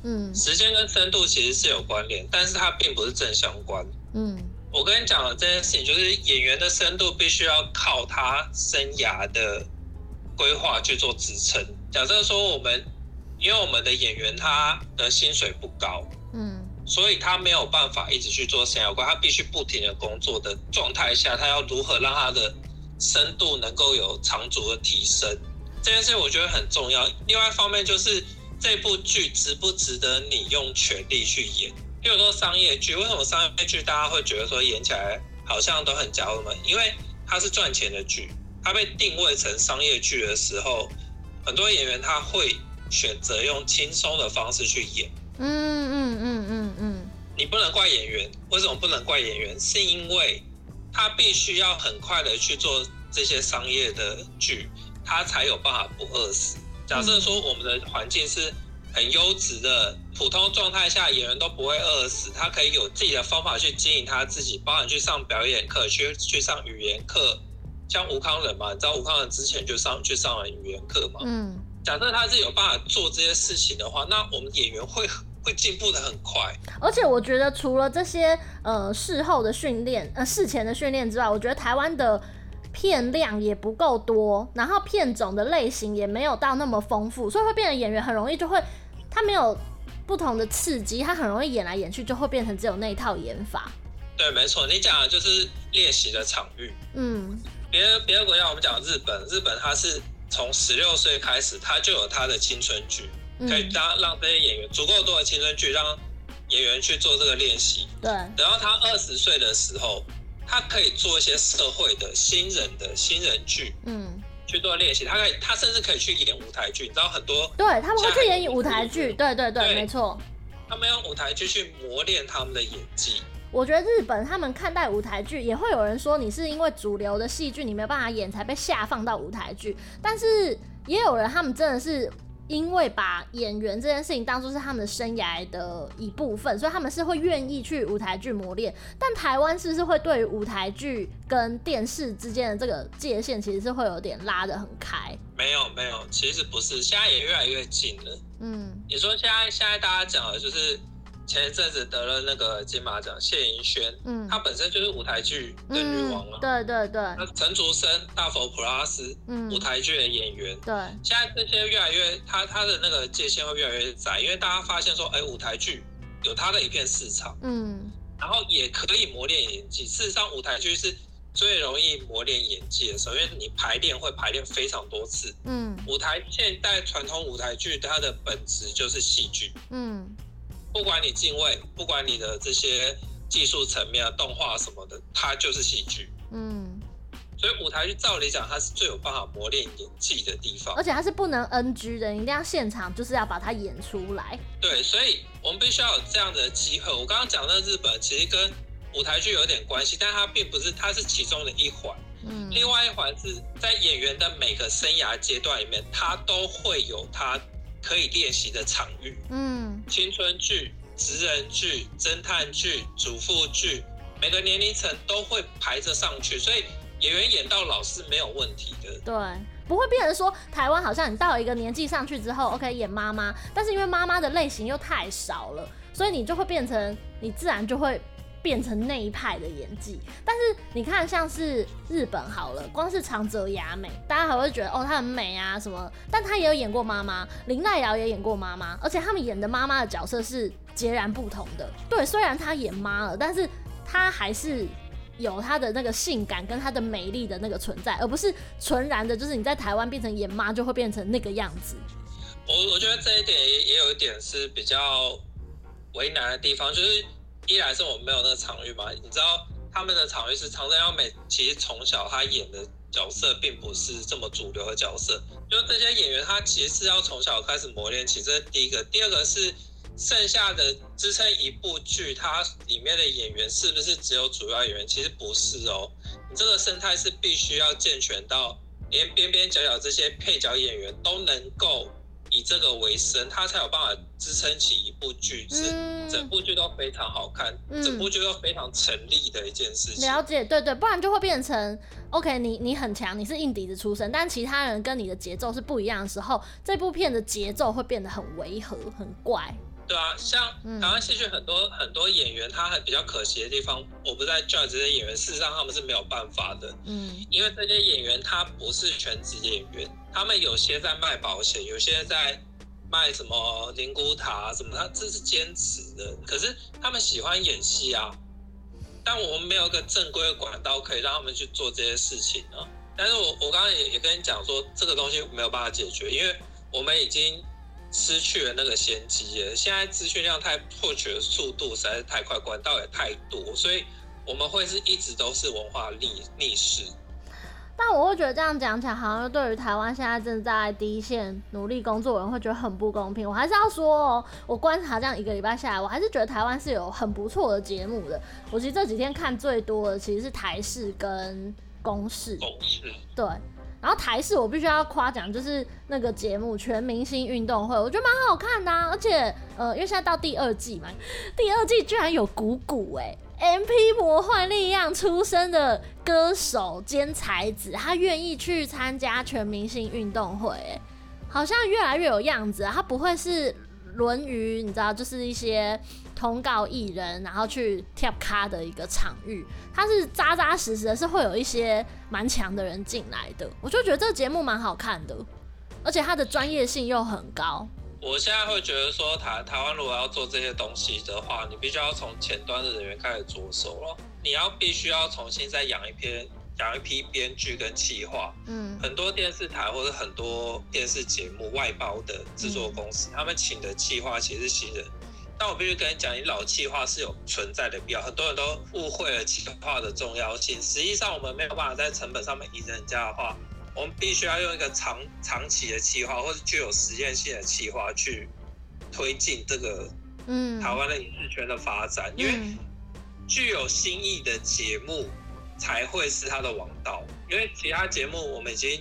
嗯，時間跟深度其實是有關聯，但是它並不是正相關，嗯。我跟你講了這件事情，就是演員的深度必須要靠他生涯的規劃去做支撐。假設說我們因為我們的演員他的薪水不高。所以他沒有辦法一直去做小官，他必須不停的工作的狀態下，他要如何讓他的深度能夠有長足的提升？這件事情我覺得很重要。另外一方面就是這部劇值不值得你用全力去演？譬如說商業劇，為什麼商業劇大家會覺得說演起來好像都很假？我們因為它是賺錢的劇，它被定位成商業劇的時候，很多演員他會選擇用輕鬆的方式去演。嗯嗯嗯嗯嗯，你不能怪演員，為什麼不能怪演員？是因為他必須要很快的去做這些商業的劇，他才有辦法不餓死。假設說我們的環境是很優質的，普通狀態下演員都不會餓死，他可以有自己的方法去經營他自己，包含去上表演課，去去上語言課，像吳慷仁嘛，你知道吳慷仁之前就上去上了語言課嘛。嗯。假設他是有辦法做這些事情的話，那我們演員會會進步得很快。而且我覺得除了這些呃事後的訓練，呃事前的訓練之外，我覺得台灣的片量也不夠多，然後片種的類型也沒有到那麼豐富，所以會變成演員很容易就會他沒有不同的刺激，他很容易演來演去就會變成只有那一套演法。對，沒錯，你講的就是練習的場域。嗯，別別的國家，我們講日本，日本它是。從十六歲開始，他就有他的青春劇，嗯，可以當讓這些演員足夠多的青春劇，讓演員去做這個練習。對。等到他二十歲的時候，他可以做一些社會的新人的新人劇，嗯，去做練習。他可以，他甚至可以去演舞台劇，你知道很多對，他們會去演舞台劇，對對對，對沒錯，他們用舞台劇去磨練他們的演技。我覺得日本他們看待舞台劇，也會有人說，你是因為主流的戲劇你沒辦法演，才被下放到舞台劇。但是也有人他們真的是因為把演員這件事情當做是他們的生涯的一部分，所以他們是會願意去舞台劇磨練。但台灣是不是會對於舞台劇跟電視之間的這個界限，其實是會有點拉得很開。沒有沒有，其實不是，現在也越來越近了。嗯，你說現在現在大家講的就是。前一陣子得了那個金馬獎，謝盈萱，嗯，她本身就是舞台劇的女王了。嗯。對對對，陳竹昇大佛普拉斯，舞台劇的演員。嗯。對，現在這些越來越，他他的那個界限會越來越窄，因為大家發現說，哎，舞台劇有他的一片市場，嗯，然後也可以磨練演技。事實上，舞台劇是最容易磨練演技的，因為你排練會排練非常多次，嗯，舞台現代傳統舞台劇它的本質就是戲劇，嗯。嗯不管你敬畏，不管你的這些技術層面啊、動畫什麼的，它就是喜劇。嗯，所以舞台劇照理講，它是最有辦法磨練演技的地方。而且它是不能 NG 的，一定要現場，就是要把它演出來。對，所以我們必須要有這樣的機會。我剛剛講那日本，其實跟舞台劇有點關係，但它並不是，它是其中的一環。嗯，另外一環是在演員的每個生涯階段裡面，他都會有他。可以練習的場域，嗯，青春劇、職人劇、偵探劇、主婦劇，每個年齡層都會排着上去，所以演員演到老是沒有問題的。對，不會變成說台灣好像你到一個年紀上去之後，OK 演媽媽，但是因為媽媽的類型又太少了，所以你就會變成你自然就會。變成那一派的演技，但是你看，像是日本好了，光是長澤雅美，大家還會覺得哦，她很美啊什麼，但她也有演過媽媽，林奈瑤也演過媽媽，而且他們演的媽媽的角色是截然不同的。對，雖然她演媽了，但是她還是有她的那個性感跟她的美麗的那個存在，而不是純然的，就是你在台灣變成演媽就會變成那個樣子。我我覺得這一點也也有一點是比較為難的地方，就是。一來是我們沒有那個場域嘛，你知道他們的場域是常生，要美，其實從小他演的角色並不是這麼主流的角色，就這些演員他其實是要從小開始磨練起，這是第一個。第二個是剩下的支撐一部劇，它裡面的演員是不是只有主要演員？其實不是哦，你這個生態是必須要健全到連邊邊角角這些配角演員都能夠。以這個為生，他才有辦法支撐起一部劇，是、嗯、整部劇都非常好看，嗯、整部劇都非常成立的一件事情。了解，對對，不然就會變成 OK，你你很強，你是硬底子出身，但其他人跟你的節奏是不一樣的時候，這部片的節奏會變得很違和，很怪。對啊，像台灣戲劇很多很多演員，他還比較可惜的地方，我不在 judge 這些演員，事實上他們是沒有辦法的，嗯，因為這些演員他不是全職演員，他們有些在賣保險，有些在賣什麼靈骨塔、啊、什麼，他這是兼職的，可是他們喜歡演戲啊，但我們沒有一個正規的管道可以讓他們去做這些事情呢、啊、但是我我剛剛也也跟你講說，這個東西沒有辦法解決，因為我們已經。失去了那個先機耶！現在資訊量太獲取的速度實在是太快關，管道也太多，所以我們會是一直都是文化歷史。但我會覺得這樣講起來，好像對於台灣現在正在第一線努力工作的人，會覺得很不公平。我還是要說哦、喔，我觀察這樣一個禮拜下來，我還是覺得台灣是有很不錯的節目的。我其實這幾天看最多的，其實是台視跟公視。公視對。然後台視我必須要誇獎，就是那個節目《全明星運動會》，我覺得蠻好看的，啊，而且呃，因為現在到第二季嘛，第二季居然有鼓鼓哎、欸、M P 魔幻力量出身的歌手兼才子，他願意去參加全明星運動會，哎，好像越來越有樣子，啊，他不會是輪魚，你知道，就是一些。通告藝人，然後去 tap 咖的一個場域，它是扎扎實實的，是會有一些蠻強的人進來的。我就覺得這個節目蠻好看的，而且他的專業性又很高。我現在會覺得說台，台台灣如果要做這些東西的話，你必須要從前端的人員開始着手咯，你要必須要重新再養一,一批養一批編劇跟企劃。嗯，很多電視台或者很多電視節目外包的製作公司、嗯，他們請的企劃其實是新人。但我必須跟你講，你老企劃是有存在的必要。很多人都誤會了企劃的重要性。實際上，我們沒有辦法在成本上面贏人家的話，我們必須要用一個長長期的企劃，或者具有實驗性的企劃去推進這個嗯台灣的影視圈的發展。嗯、因為具有新意的節目才會是它的王道。因為其他節目我們已經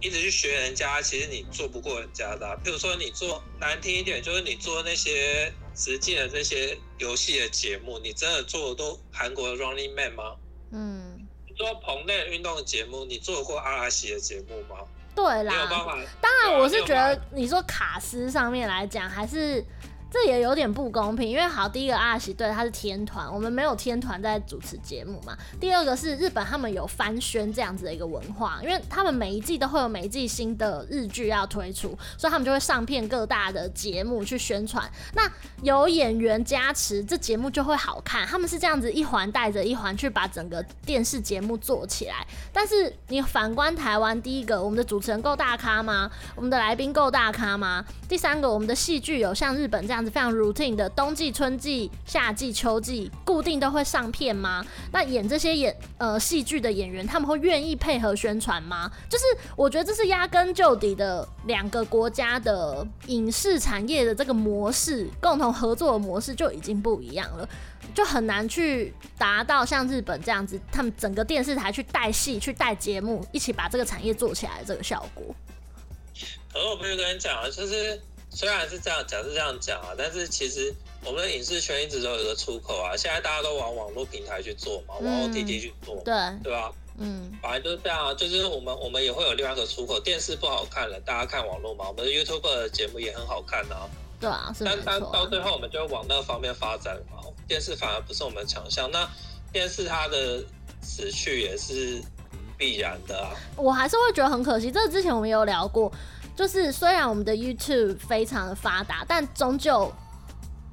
一直去學人家，其實你做不過人家的，啊。譬如說，你做難聽一點，就是你做那些。實際的這些遊戲的節目，你真的做的都韓國的 Running Man 嗎？嗯，做棚內運動的節目，你做過阿拉西的節目嗎？對啦，當然我是覺得你說卡司上面來講還是。這也有點不公平，因為好，第一個阿喜對，他是天團，我們沒有天團在主持節目嘛。第二個是日本，他們有番宣這樣子的一個文化，因為他們每一季都會有每一季新的日劇要推出，所以他們就會上遍各大的節目去宣傳。那有演員加持，這節目就會好看。他們是這樣子一環帶着一環去把整個電視節目做起來。但是你反觀台灣，第一個，我們的主持人夠大咖嗎？我們的來賓夠大咖嗎？第三個，我們的戲劇有像日本這樣。非常 routine 的冬季、春季、夏季、秋季，固定都會上片嗎？那演這些演呃戲劇的演員，他們會願意配合宣傳嗎？就是我覺得這是壓根就底的兩個國家的影視產業的這個模式，共同合作的模式就已經不一樣了，就很難去達到像日本這樣子，他們整個電視台去帶戲、去帶節目，一起把這個產業做起來這個效果。可是我不是跟你講啊，就是。雖然是這樣講，是這樣講啊，但是其實我們的影視圈一直都有一個出口啊。現在大家都往網絡平台去做嘛，往 O T T 去做嘛，對、嗯、對吧？嗯，反正就是這樣、啊，就是我們我們也會有另外一個出口。電視不好看了，大家看網絡嘛。我們、YouTuber、的 YouTube 的節目也很好看啊。對啊，是沒錯啊。但但到最後，我們就會往那方面發展嘛。電視反而不是我們的強項，那電視它的死去也是必然的啊。我還是會覺得很可惜。這個、之前我們有聊過。就是雖然我們的 YouTube 非常的發達，但終究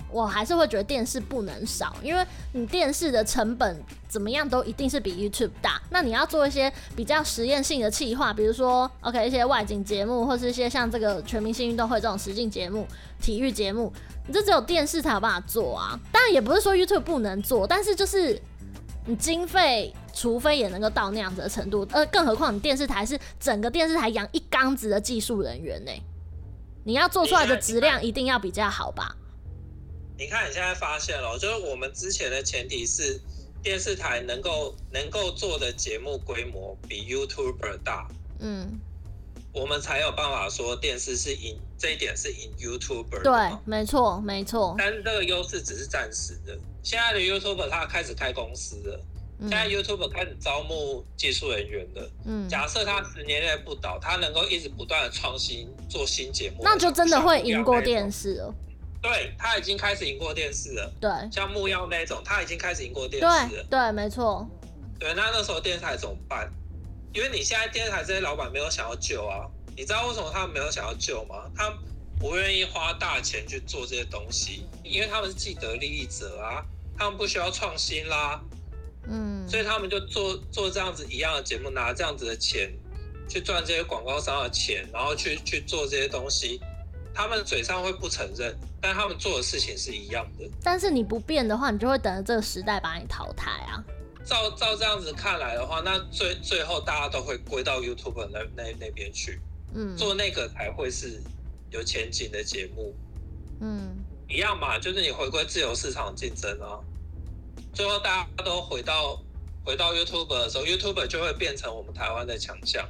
我還是會覺得電視不能少，因為你電視的成本怎麼樣都一定是比 YouTube 大。那你要做一些比較實驗性的企劃，比如說 OK 一些外景節目，或是一些像這個全明星運動會這種實境節目、體育節目，你這只有電視才有辦法做啊。當然也不是說 YouTube 不能做，但是就是。你經費，除非也能夠到那樣子的程度，呃，更何況你電視台是整個電視台養一缸子的技術人員呢，欸，你要做出來的質量一定要比較好吧？你看，你看，你看，你看你現在發現了，就是我們之前的前提是電視台能夠能夠做的節目規模比 YouTuber 大，嗯，我們才有辦法說電視是贏，這一點是贏 YouTuber。對，沒錯，沒錯。但是這個優勢只是暫時的。現在的 YouTuber 他開始開公司了，嗯、現在 YouTuber 開始招募技術人員了。嗯，假設他十年內不倒，他能夠一直不斷的創新做新節目，那就真的會贏過電視了。對，他已經開始贏過電視了。對，像木曜那種，他已經開始贏過電視了。對，沒錯。對，那那時候電視台怎麼辦？因為你現在電視台這些老板沒有想要救啊，你知道為什麼他們沒有想要救嗎？他不願意花大錢去做這些東西，因為他們是既得利益者啊。他們不需要創新啦，嗯，所以他們就做做這樣子一樣的節目，拿這樣子的錢去賺這些廣告商的錢，然後去去做這些東西。他們嘴上會不承認，但他們做的事情是一樣的。但是你不變的話，你就會等着這個時代把你淘汰啊。照照這樣子看來的話，那最最後大家都會歸到 YouTube 那那那邊去，嗯，做那個才會是有前景的節目。嗯。一樣嘛，就是你回歸自由市場競爭哦、啊，最後大家都回到回到 YouTube 的時候，YouTube 就會變成我們台灣的強項。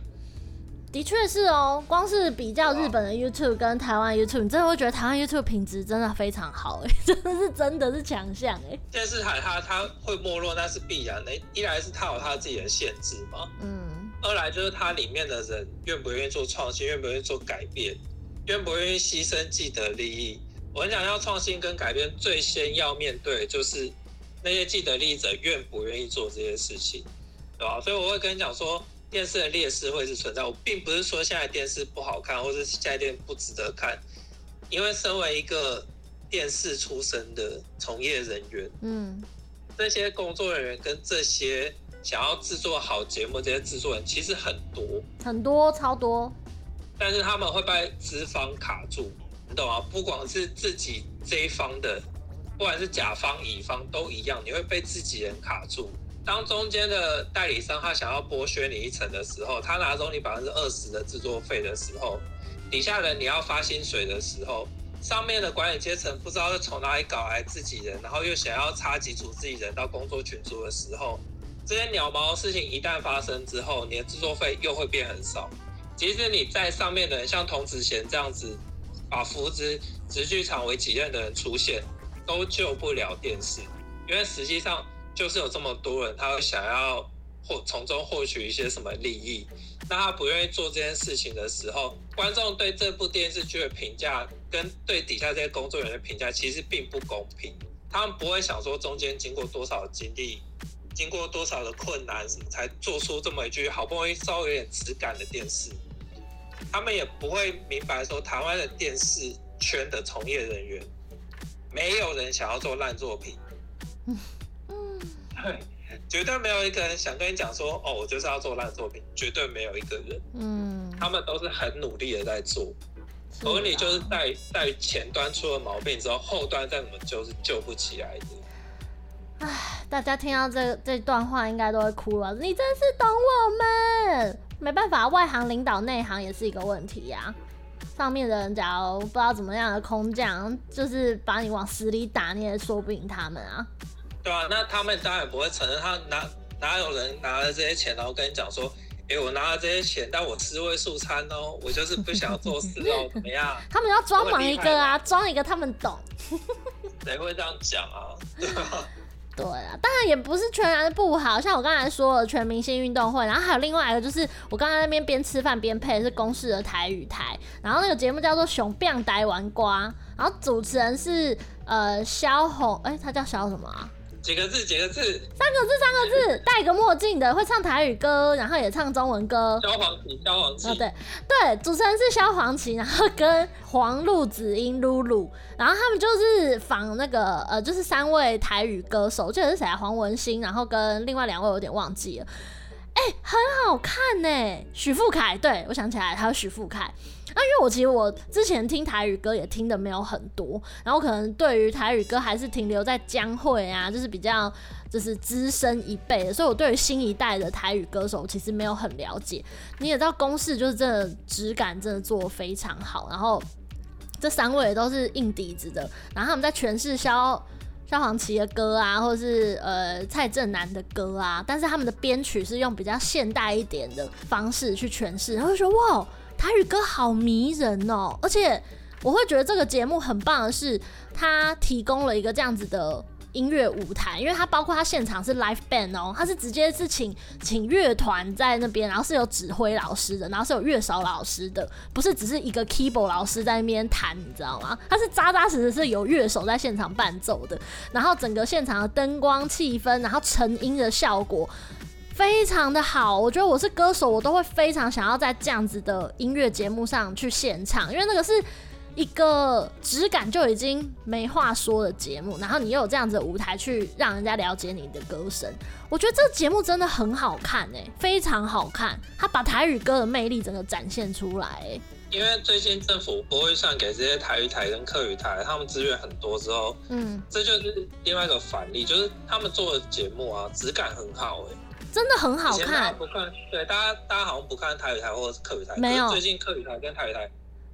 的確是哦，光是比較日本的 YouTube 跟台灣 YouTube，你真的會覺得台灣 YouTube 品質真的非常好，欸，真的是真的是強項哎。電視台它它會沒落，那是必然的。一來是它有它自己的限制嘛，嗯。二來就是它裡面的人願不願意做創新，願不願意做改變，願不願意犧牲既得利益。我很想要創新跟改變，最先要面對的就是那些既得利益者願不願意做這些事情，對吧？所以我會跟你講說，電視的劣勢會是存在。我並不是說現在電視不好看，或是現在電視不值得看，因為身為一個電視出身的從業人員，嗯，這些工作人員跟這些想要制作好節目這些制作人，其實很多很多超多，但是他們會被資方卡住。你懂啊？不管是自己這一方的，不管是甲方、乙方都一樣，你會被自己人卡住。當中間的代理商他想要剝削你一層的時候，他拿走你百分之二十的制作費的時候，底下人你要發薪水的時候，上面的管理階層不知道是從哪裡搞來自己人，然後又想要插幾組自己人到工作群組的時候，這些鳥毛事情一旦發生之後，你的制作費又會變很少。即使你在上面的人，像童子賢這樣子把扶植、植劇場為己任的人出現，都救不了電視，因為實際上就是有這麼多人，他會想要獲從中獲取一些什麼利益。那他不願意做這件事情的時候，觀眾對這部電視劇的評價跟對底下這些工作人員的評價其實並不公平。他們不會想說中間經過多少經歷，經過多少的困難才做出這麼一句好不容易稍微有點質感的電視。他們也不會明白說，台灣的電視圈的從業人員，沒有人想要做爛作品，嗯對，絕對沒有一個人想跟你講說，哦，我就是要做爛作品，絕對沒有一個人，嗯，他們都是很努力的在做。我跟你，就是在在前端出了毛病之後，後端再怎麼救是救不起來的。唉，大家聽到這這段話，應該都會哭了。你真是懂我們。沒辦法，外行領導內行也是一個問題呀、啊。上面的人，假如不知道怎麼樣的空降，就是把你往死裡打，你也說不贏他們啊。對啊，那他們當然不會承認他。他哪哪有人拿了這些錢，然後跟你講說：“哎、欸，我拿了這些錢，但我尸位素餐哦、喔，我就是不想做事哦。’ 怎麼樣？”他們要裝忙一個啊，裝一個，他們懂。誰 會這樣講啊？對吧 對啊，當然也不是全然不好，像我剛才說的全明星運動會，然後還有另外一個就是我剛才那邊邊吃飯邊配的是公視的台語台，然後那個節目叫做《熊變呆玩瓜》，然後主持人是呃蕭宏，誒，他叫蕭什麼啊？幾個字？幾個字？三個字？三個字？戴個墨鏡的，會唱台語歌，然後也唱中文歌。蕭煌奇，蕭煌奇，對對，主持人是蕭煌奇，然後跟黃鹿子、音、露露，然後他們就是仿那個呃，就是三位台語歌手，就記得是誰？黃文興，然後跟另外兩位有點忘記了。誒、欸，很好看哎！許富凱，對，我想起來還有許富凱。那、啊、因為我其實我之前聽台語歌也聽的沒有很多，然後可能對於台語歌還是停留在江蕙啊，就是比較就是資深一輩的，所以我對於新一代的台語歌手其實沒有很了解。你也知道公視就是真的質感真的做得非常好，然後這三位都是硬底子的，然後他們在詮釋《消》。蕭煌奇的歌啊，或是呃蔡振南的歌啊，但是他們的編曲是用比較現代一點的方式去詮釋，他會說，哇，台語歌好迷人哦、喔！而且我會覺得這個節目很棒的是，它提供了一個這樣子的。音樂舞台，因為它包括它現場是 live band 哦，它是直接是請請樂團在那邊，然後是有指揮老師的，然後是有樂手老師的，不是只是一個 keyboard 老師在那邊彈，你知道嗎？它是扎扎實實是有樂手在現場伴奏的，然後整個現場的燈光、氣氛，然後成音的效果非常的好。我覺得我是歌手，我都會非常想要在這樣子的音樂節目上去現場，因為那個是。一個質感就已經沒話說的節目，然後你又有這樣子的舞台去讓人家了解你的歌聲，我覺得這個節目真的很好看，欸、非常好看，它把台語歌的魅力整個展現出來，欸。因為最近政府撥預算給這些台語台跟客語台，他們資源很多之後，嗯，這就是另外一個反例，就是他們做的節目啊，質感很好哎、欸，真的很好看。以前不看，對，大家大家好像不看台語台或者是客語台，沒有，就是、最近客語台跟台語台。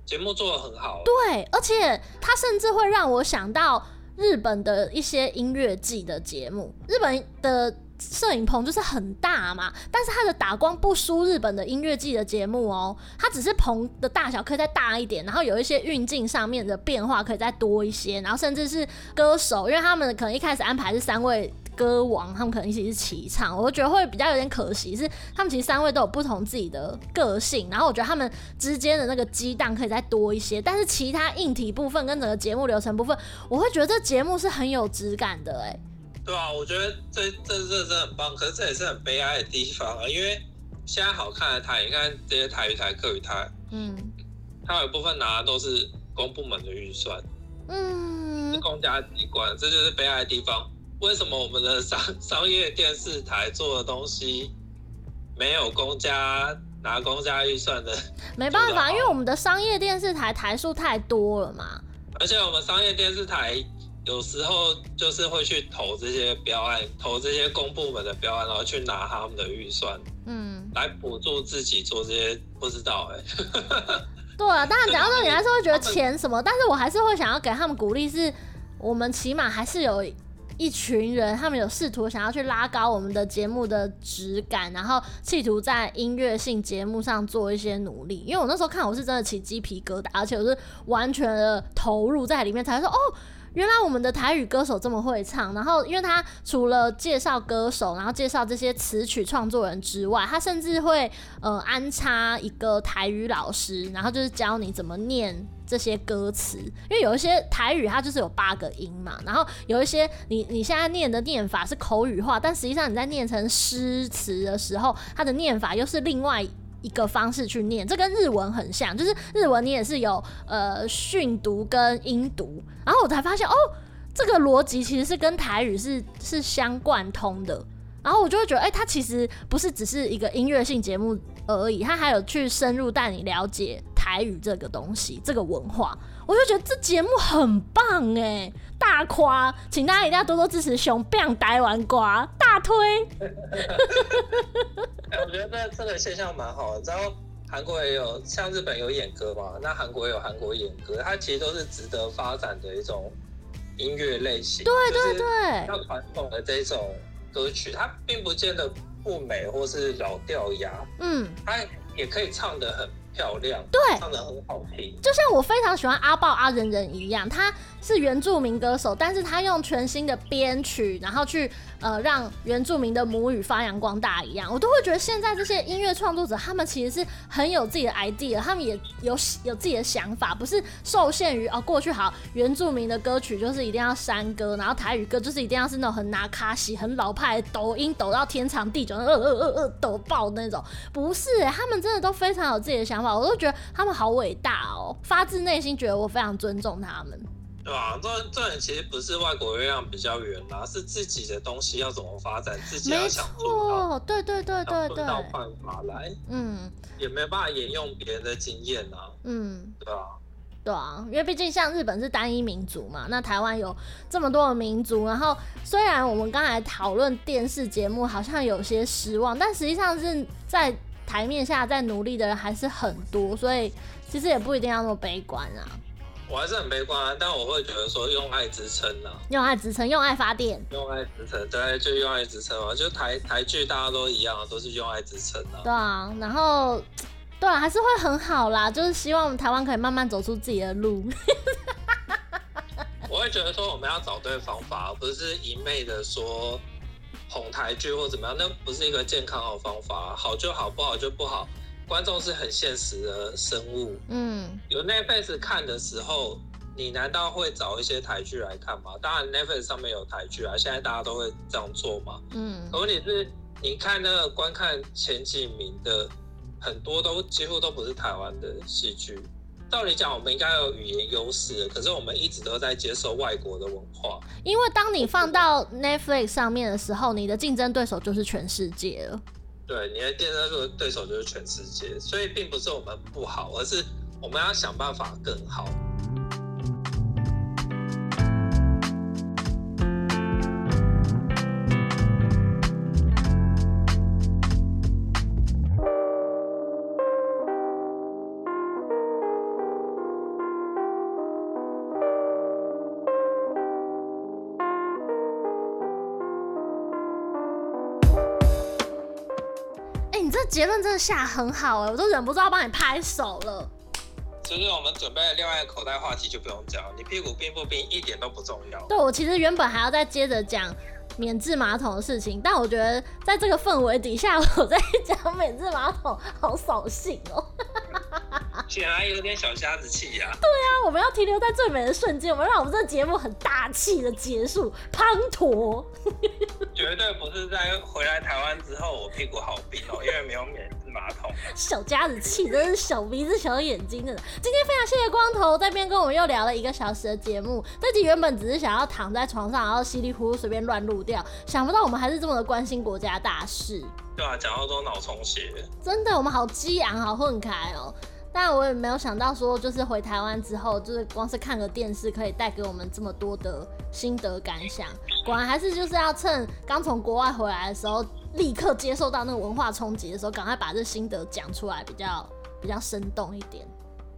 節目做得很好欸，對，而且它甚至會讓我想到日本的一些音樂季的節目。日本的攝影棚就是很大嘛，但是它的打光不輸日本的音樂季的節目哦。它只是棚的大小可以再大一點，然後有一些運鏡上面的變化可以再多一些，然後甚至是歌手，因為他們可能一開始安排是三位，歌王，他們可能一起是齊唱，我就覺得會比較有點可惜。是他們其實三位都有不同自己的個性，然後我覺得他們之間的那個激盪可以再多一些。但是其他硬體部分跟整個節目流程部分，我會覺得這節目是很有質感的。哎，對啊，我覺得這這這，這真的很棒。可是這也是很悲哀的地方啊，因為現在好看的台，你看這些台語台、客語台，嗯，它有一部分拿的都是公部門的預算，嗯，是公家機關，這就是悲哀的地方。為什麼我們的商商業電視台做的東西沒有公家拿公家預算的？沒辦法，因為我們的商業電視台台數太多了嘛。而且我們商業電視台有時候就是會去投這些標案，投這些公部門的標案，然後去拿他們的預算，嗯，來補助自己做這些。不知道哎、欸， 對啊，當然，假如說你還是會覺得錢什麼，但是我還是會想要給他們鼓勵，是我們起碼還是有。一群人，他們有試圖想要去拉高我們的節目的質感，然後企圖在音樂性節目上做一些努力。因為我那時候看，我是真的起雞皮疙瘩，而且我是完全的投入在裡面，才會說哦。原來我們的台語歌手這麼會唱，然後因為他除了介紹歌手，然後介紹這些詞曲創作人之外，他甚至會呃安插一個台語老師，然後就是教你怎麼念這些歌詞，因為有一些台語它就是有八個音嘛，然後有一些你你現在念的念法是口語化，但實際上你在念成詩詞的時候，它的念法又是另外。一個方式去念，這跟日文很像，就是日文你也是有呃訓讀跟音讀，然後我才發現哦，這個邏輯其實是跟台語是是相貫通的，然後我就會覺得，哎，它其實不是只是一個音樂性節目而已，它還有去深入帶你了解。台語這個東西，這個文化，我就覺得這節目很棒哎，大誇，請大家一定要多多支持熊不要呆玩瓜，大推。 欸、我覺得這這個現象蠻好的。然後韓國也有像日本有演歌嘛，那韓國也有韓國演歌，它其實都是值得發展的一種音樂類型。對對對，對就是，比較傳統的這種歌曲，它並不見得不美或是老掉牙。嗯，它也可以唱得很。漂亮，對，唱得很好聽，就像我非常喜歡阿爆阿仍仍一樣，他是原住民歌手，但是他用全新的編曲，然後去呃讓原住民的母語發揚光大一樣，我都會覺得現在這些音樂創作者，他們其實是很有自己的 idea，他們也有有，有自己的想法，不是受限於哦過去好原住民的歌曲就是一定要山歌，然後台語歌就是一定要是那種很拿卡西很老派，抖音抖到天長地久，呃呃呃呃抖爆那種，不是，他們真的都非常有自己的想法。我都覺得他們好偉大哦、喔，發自內心覺得我非常尊重他們。對啊，這這其實不是外國月亮比較圓啦、啊，是自己的東西要怎麼發展，自己要想做到，沒錯，對對對對對，找到辦法來。嗯，也沒辦法沿用別人的經驗吶、啊。嗯，對啊，對啊，因為畢竟像日本是單一民族嘛，那台灣有這麼多的民族，然後雖然我們剛才討論電視節目好像有些失望，但實際上是在。台面下在努力的人還是很多，所以其實也不一定要那麼悲觀啊。我還是很悲觀啊，但我會覺得說用愛支撐啦，用愛支撐，用愛發電，用愛支撐，對，就用愛支撐啊，就台台劇大家都一樣，都是用愛支撐啊。對啊，然後對啊，還是會很好啦，就是希望我們台灣可以慢慢走出自己的路。 我會覺得說我們要找對方法，而不是一昧的說。哄台劇或怎麼樣，那不是一個健康好的方法。好就好，不好就不好。觀眾是很現實的生物。嗯，有 Netflix 看的時候，你難道會找一些台劇來看嗎？當然 Netflix 上面有台劇啊，現在大家都會這樣做嘛。嗯，可問題是，是，你看那個觀看前幾名的，很多都幾乎都不是台灣的戲劇。道理講，我們應該有語言優勢，可是我們一直都在接受外國的文化。因為當你放到 Netflix 上面的時候，你的競爭對手就是全世界了。對，你的競爭對手就是全世界，所以並不是我們不好，而是我們要想辦法更好。結、欸、論真的下很好哎、欸，我都忍不住要幫你拍手了。其實我們準備了另外一個口袋話題，就不用講，你屁股冰不冰一點都不重要。對，我其實原本還要再接着講。免治馬桶的事情，但我覺得在這個氛圍底下，我在講免治馬桶好掃興哦、喔，顯然有點小瞎子氣呀、啊。對啊，我們要停留在最美的瞬間，我們讓我們這個節目很大氣的結束，滂沱。 絕對不是在回來台灣之後，我屁股好冰哦、喔，因為沒有免。馬桶、啊、小家子氣，真是小鼻子小眼睛的。今天非常謝謝光頭在這邊跟我們又聊了一個小時的節目。這集原本只是想要躺在床上，然後稀里糊塗隨便亂錄掉，想不到我們還是這麼的關心國家大事。對啊，講到都腦充血。真的，我們好激昂，好憤慨哦、喔。但我也沒有想到說，就是回台灣之後，就是光是看個電視，可以帶給我們這麼多的心得感想。果然還是就是要趁剛從國外回來的時候，立刻接受到那個文化衝擊的時候，趕快把這心得講出來，比較比較生動一點。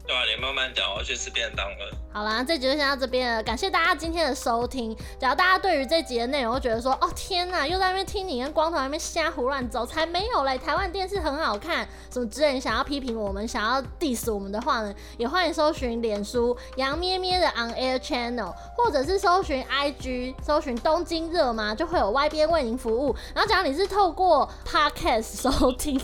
對啊，你慢慢講，我要去吃便當了。好啦，這集就先到這邊了，感謝大家今天的收聽。假如大家對於這集的內容，會覺得說，哦天吶，又在那邊聽你跟光頭在那邊瞎胡亂走，才沒有嘞！台灣電視很好看，什麼之類你想要批評我們，想要 diss 我們的話呢，也歡迎搜尋臉書羊咩咩的 on air channel，或者是搜尋 IG 搜尋東京熱嗎，就會有外邊為您服務。然後，假如你是透過 podcast 收聽。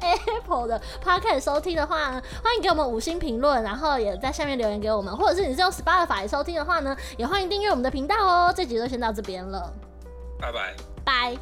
Apple 的 Podcast 收聽的話呢，歡迎給我們五星評論，然後也在下面留言給我們，或者是你是用 Spotify 收聽的話呢，也歡迎訂閱我們的頻道哦。這集就先到這邊了，拜拜拜。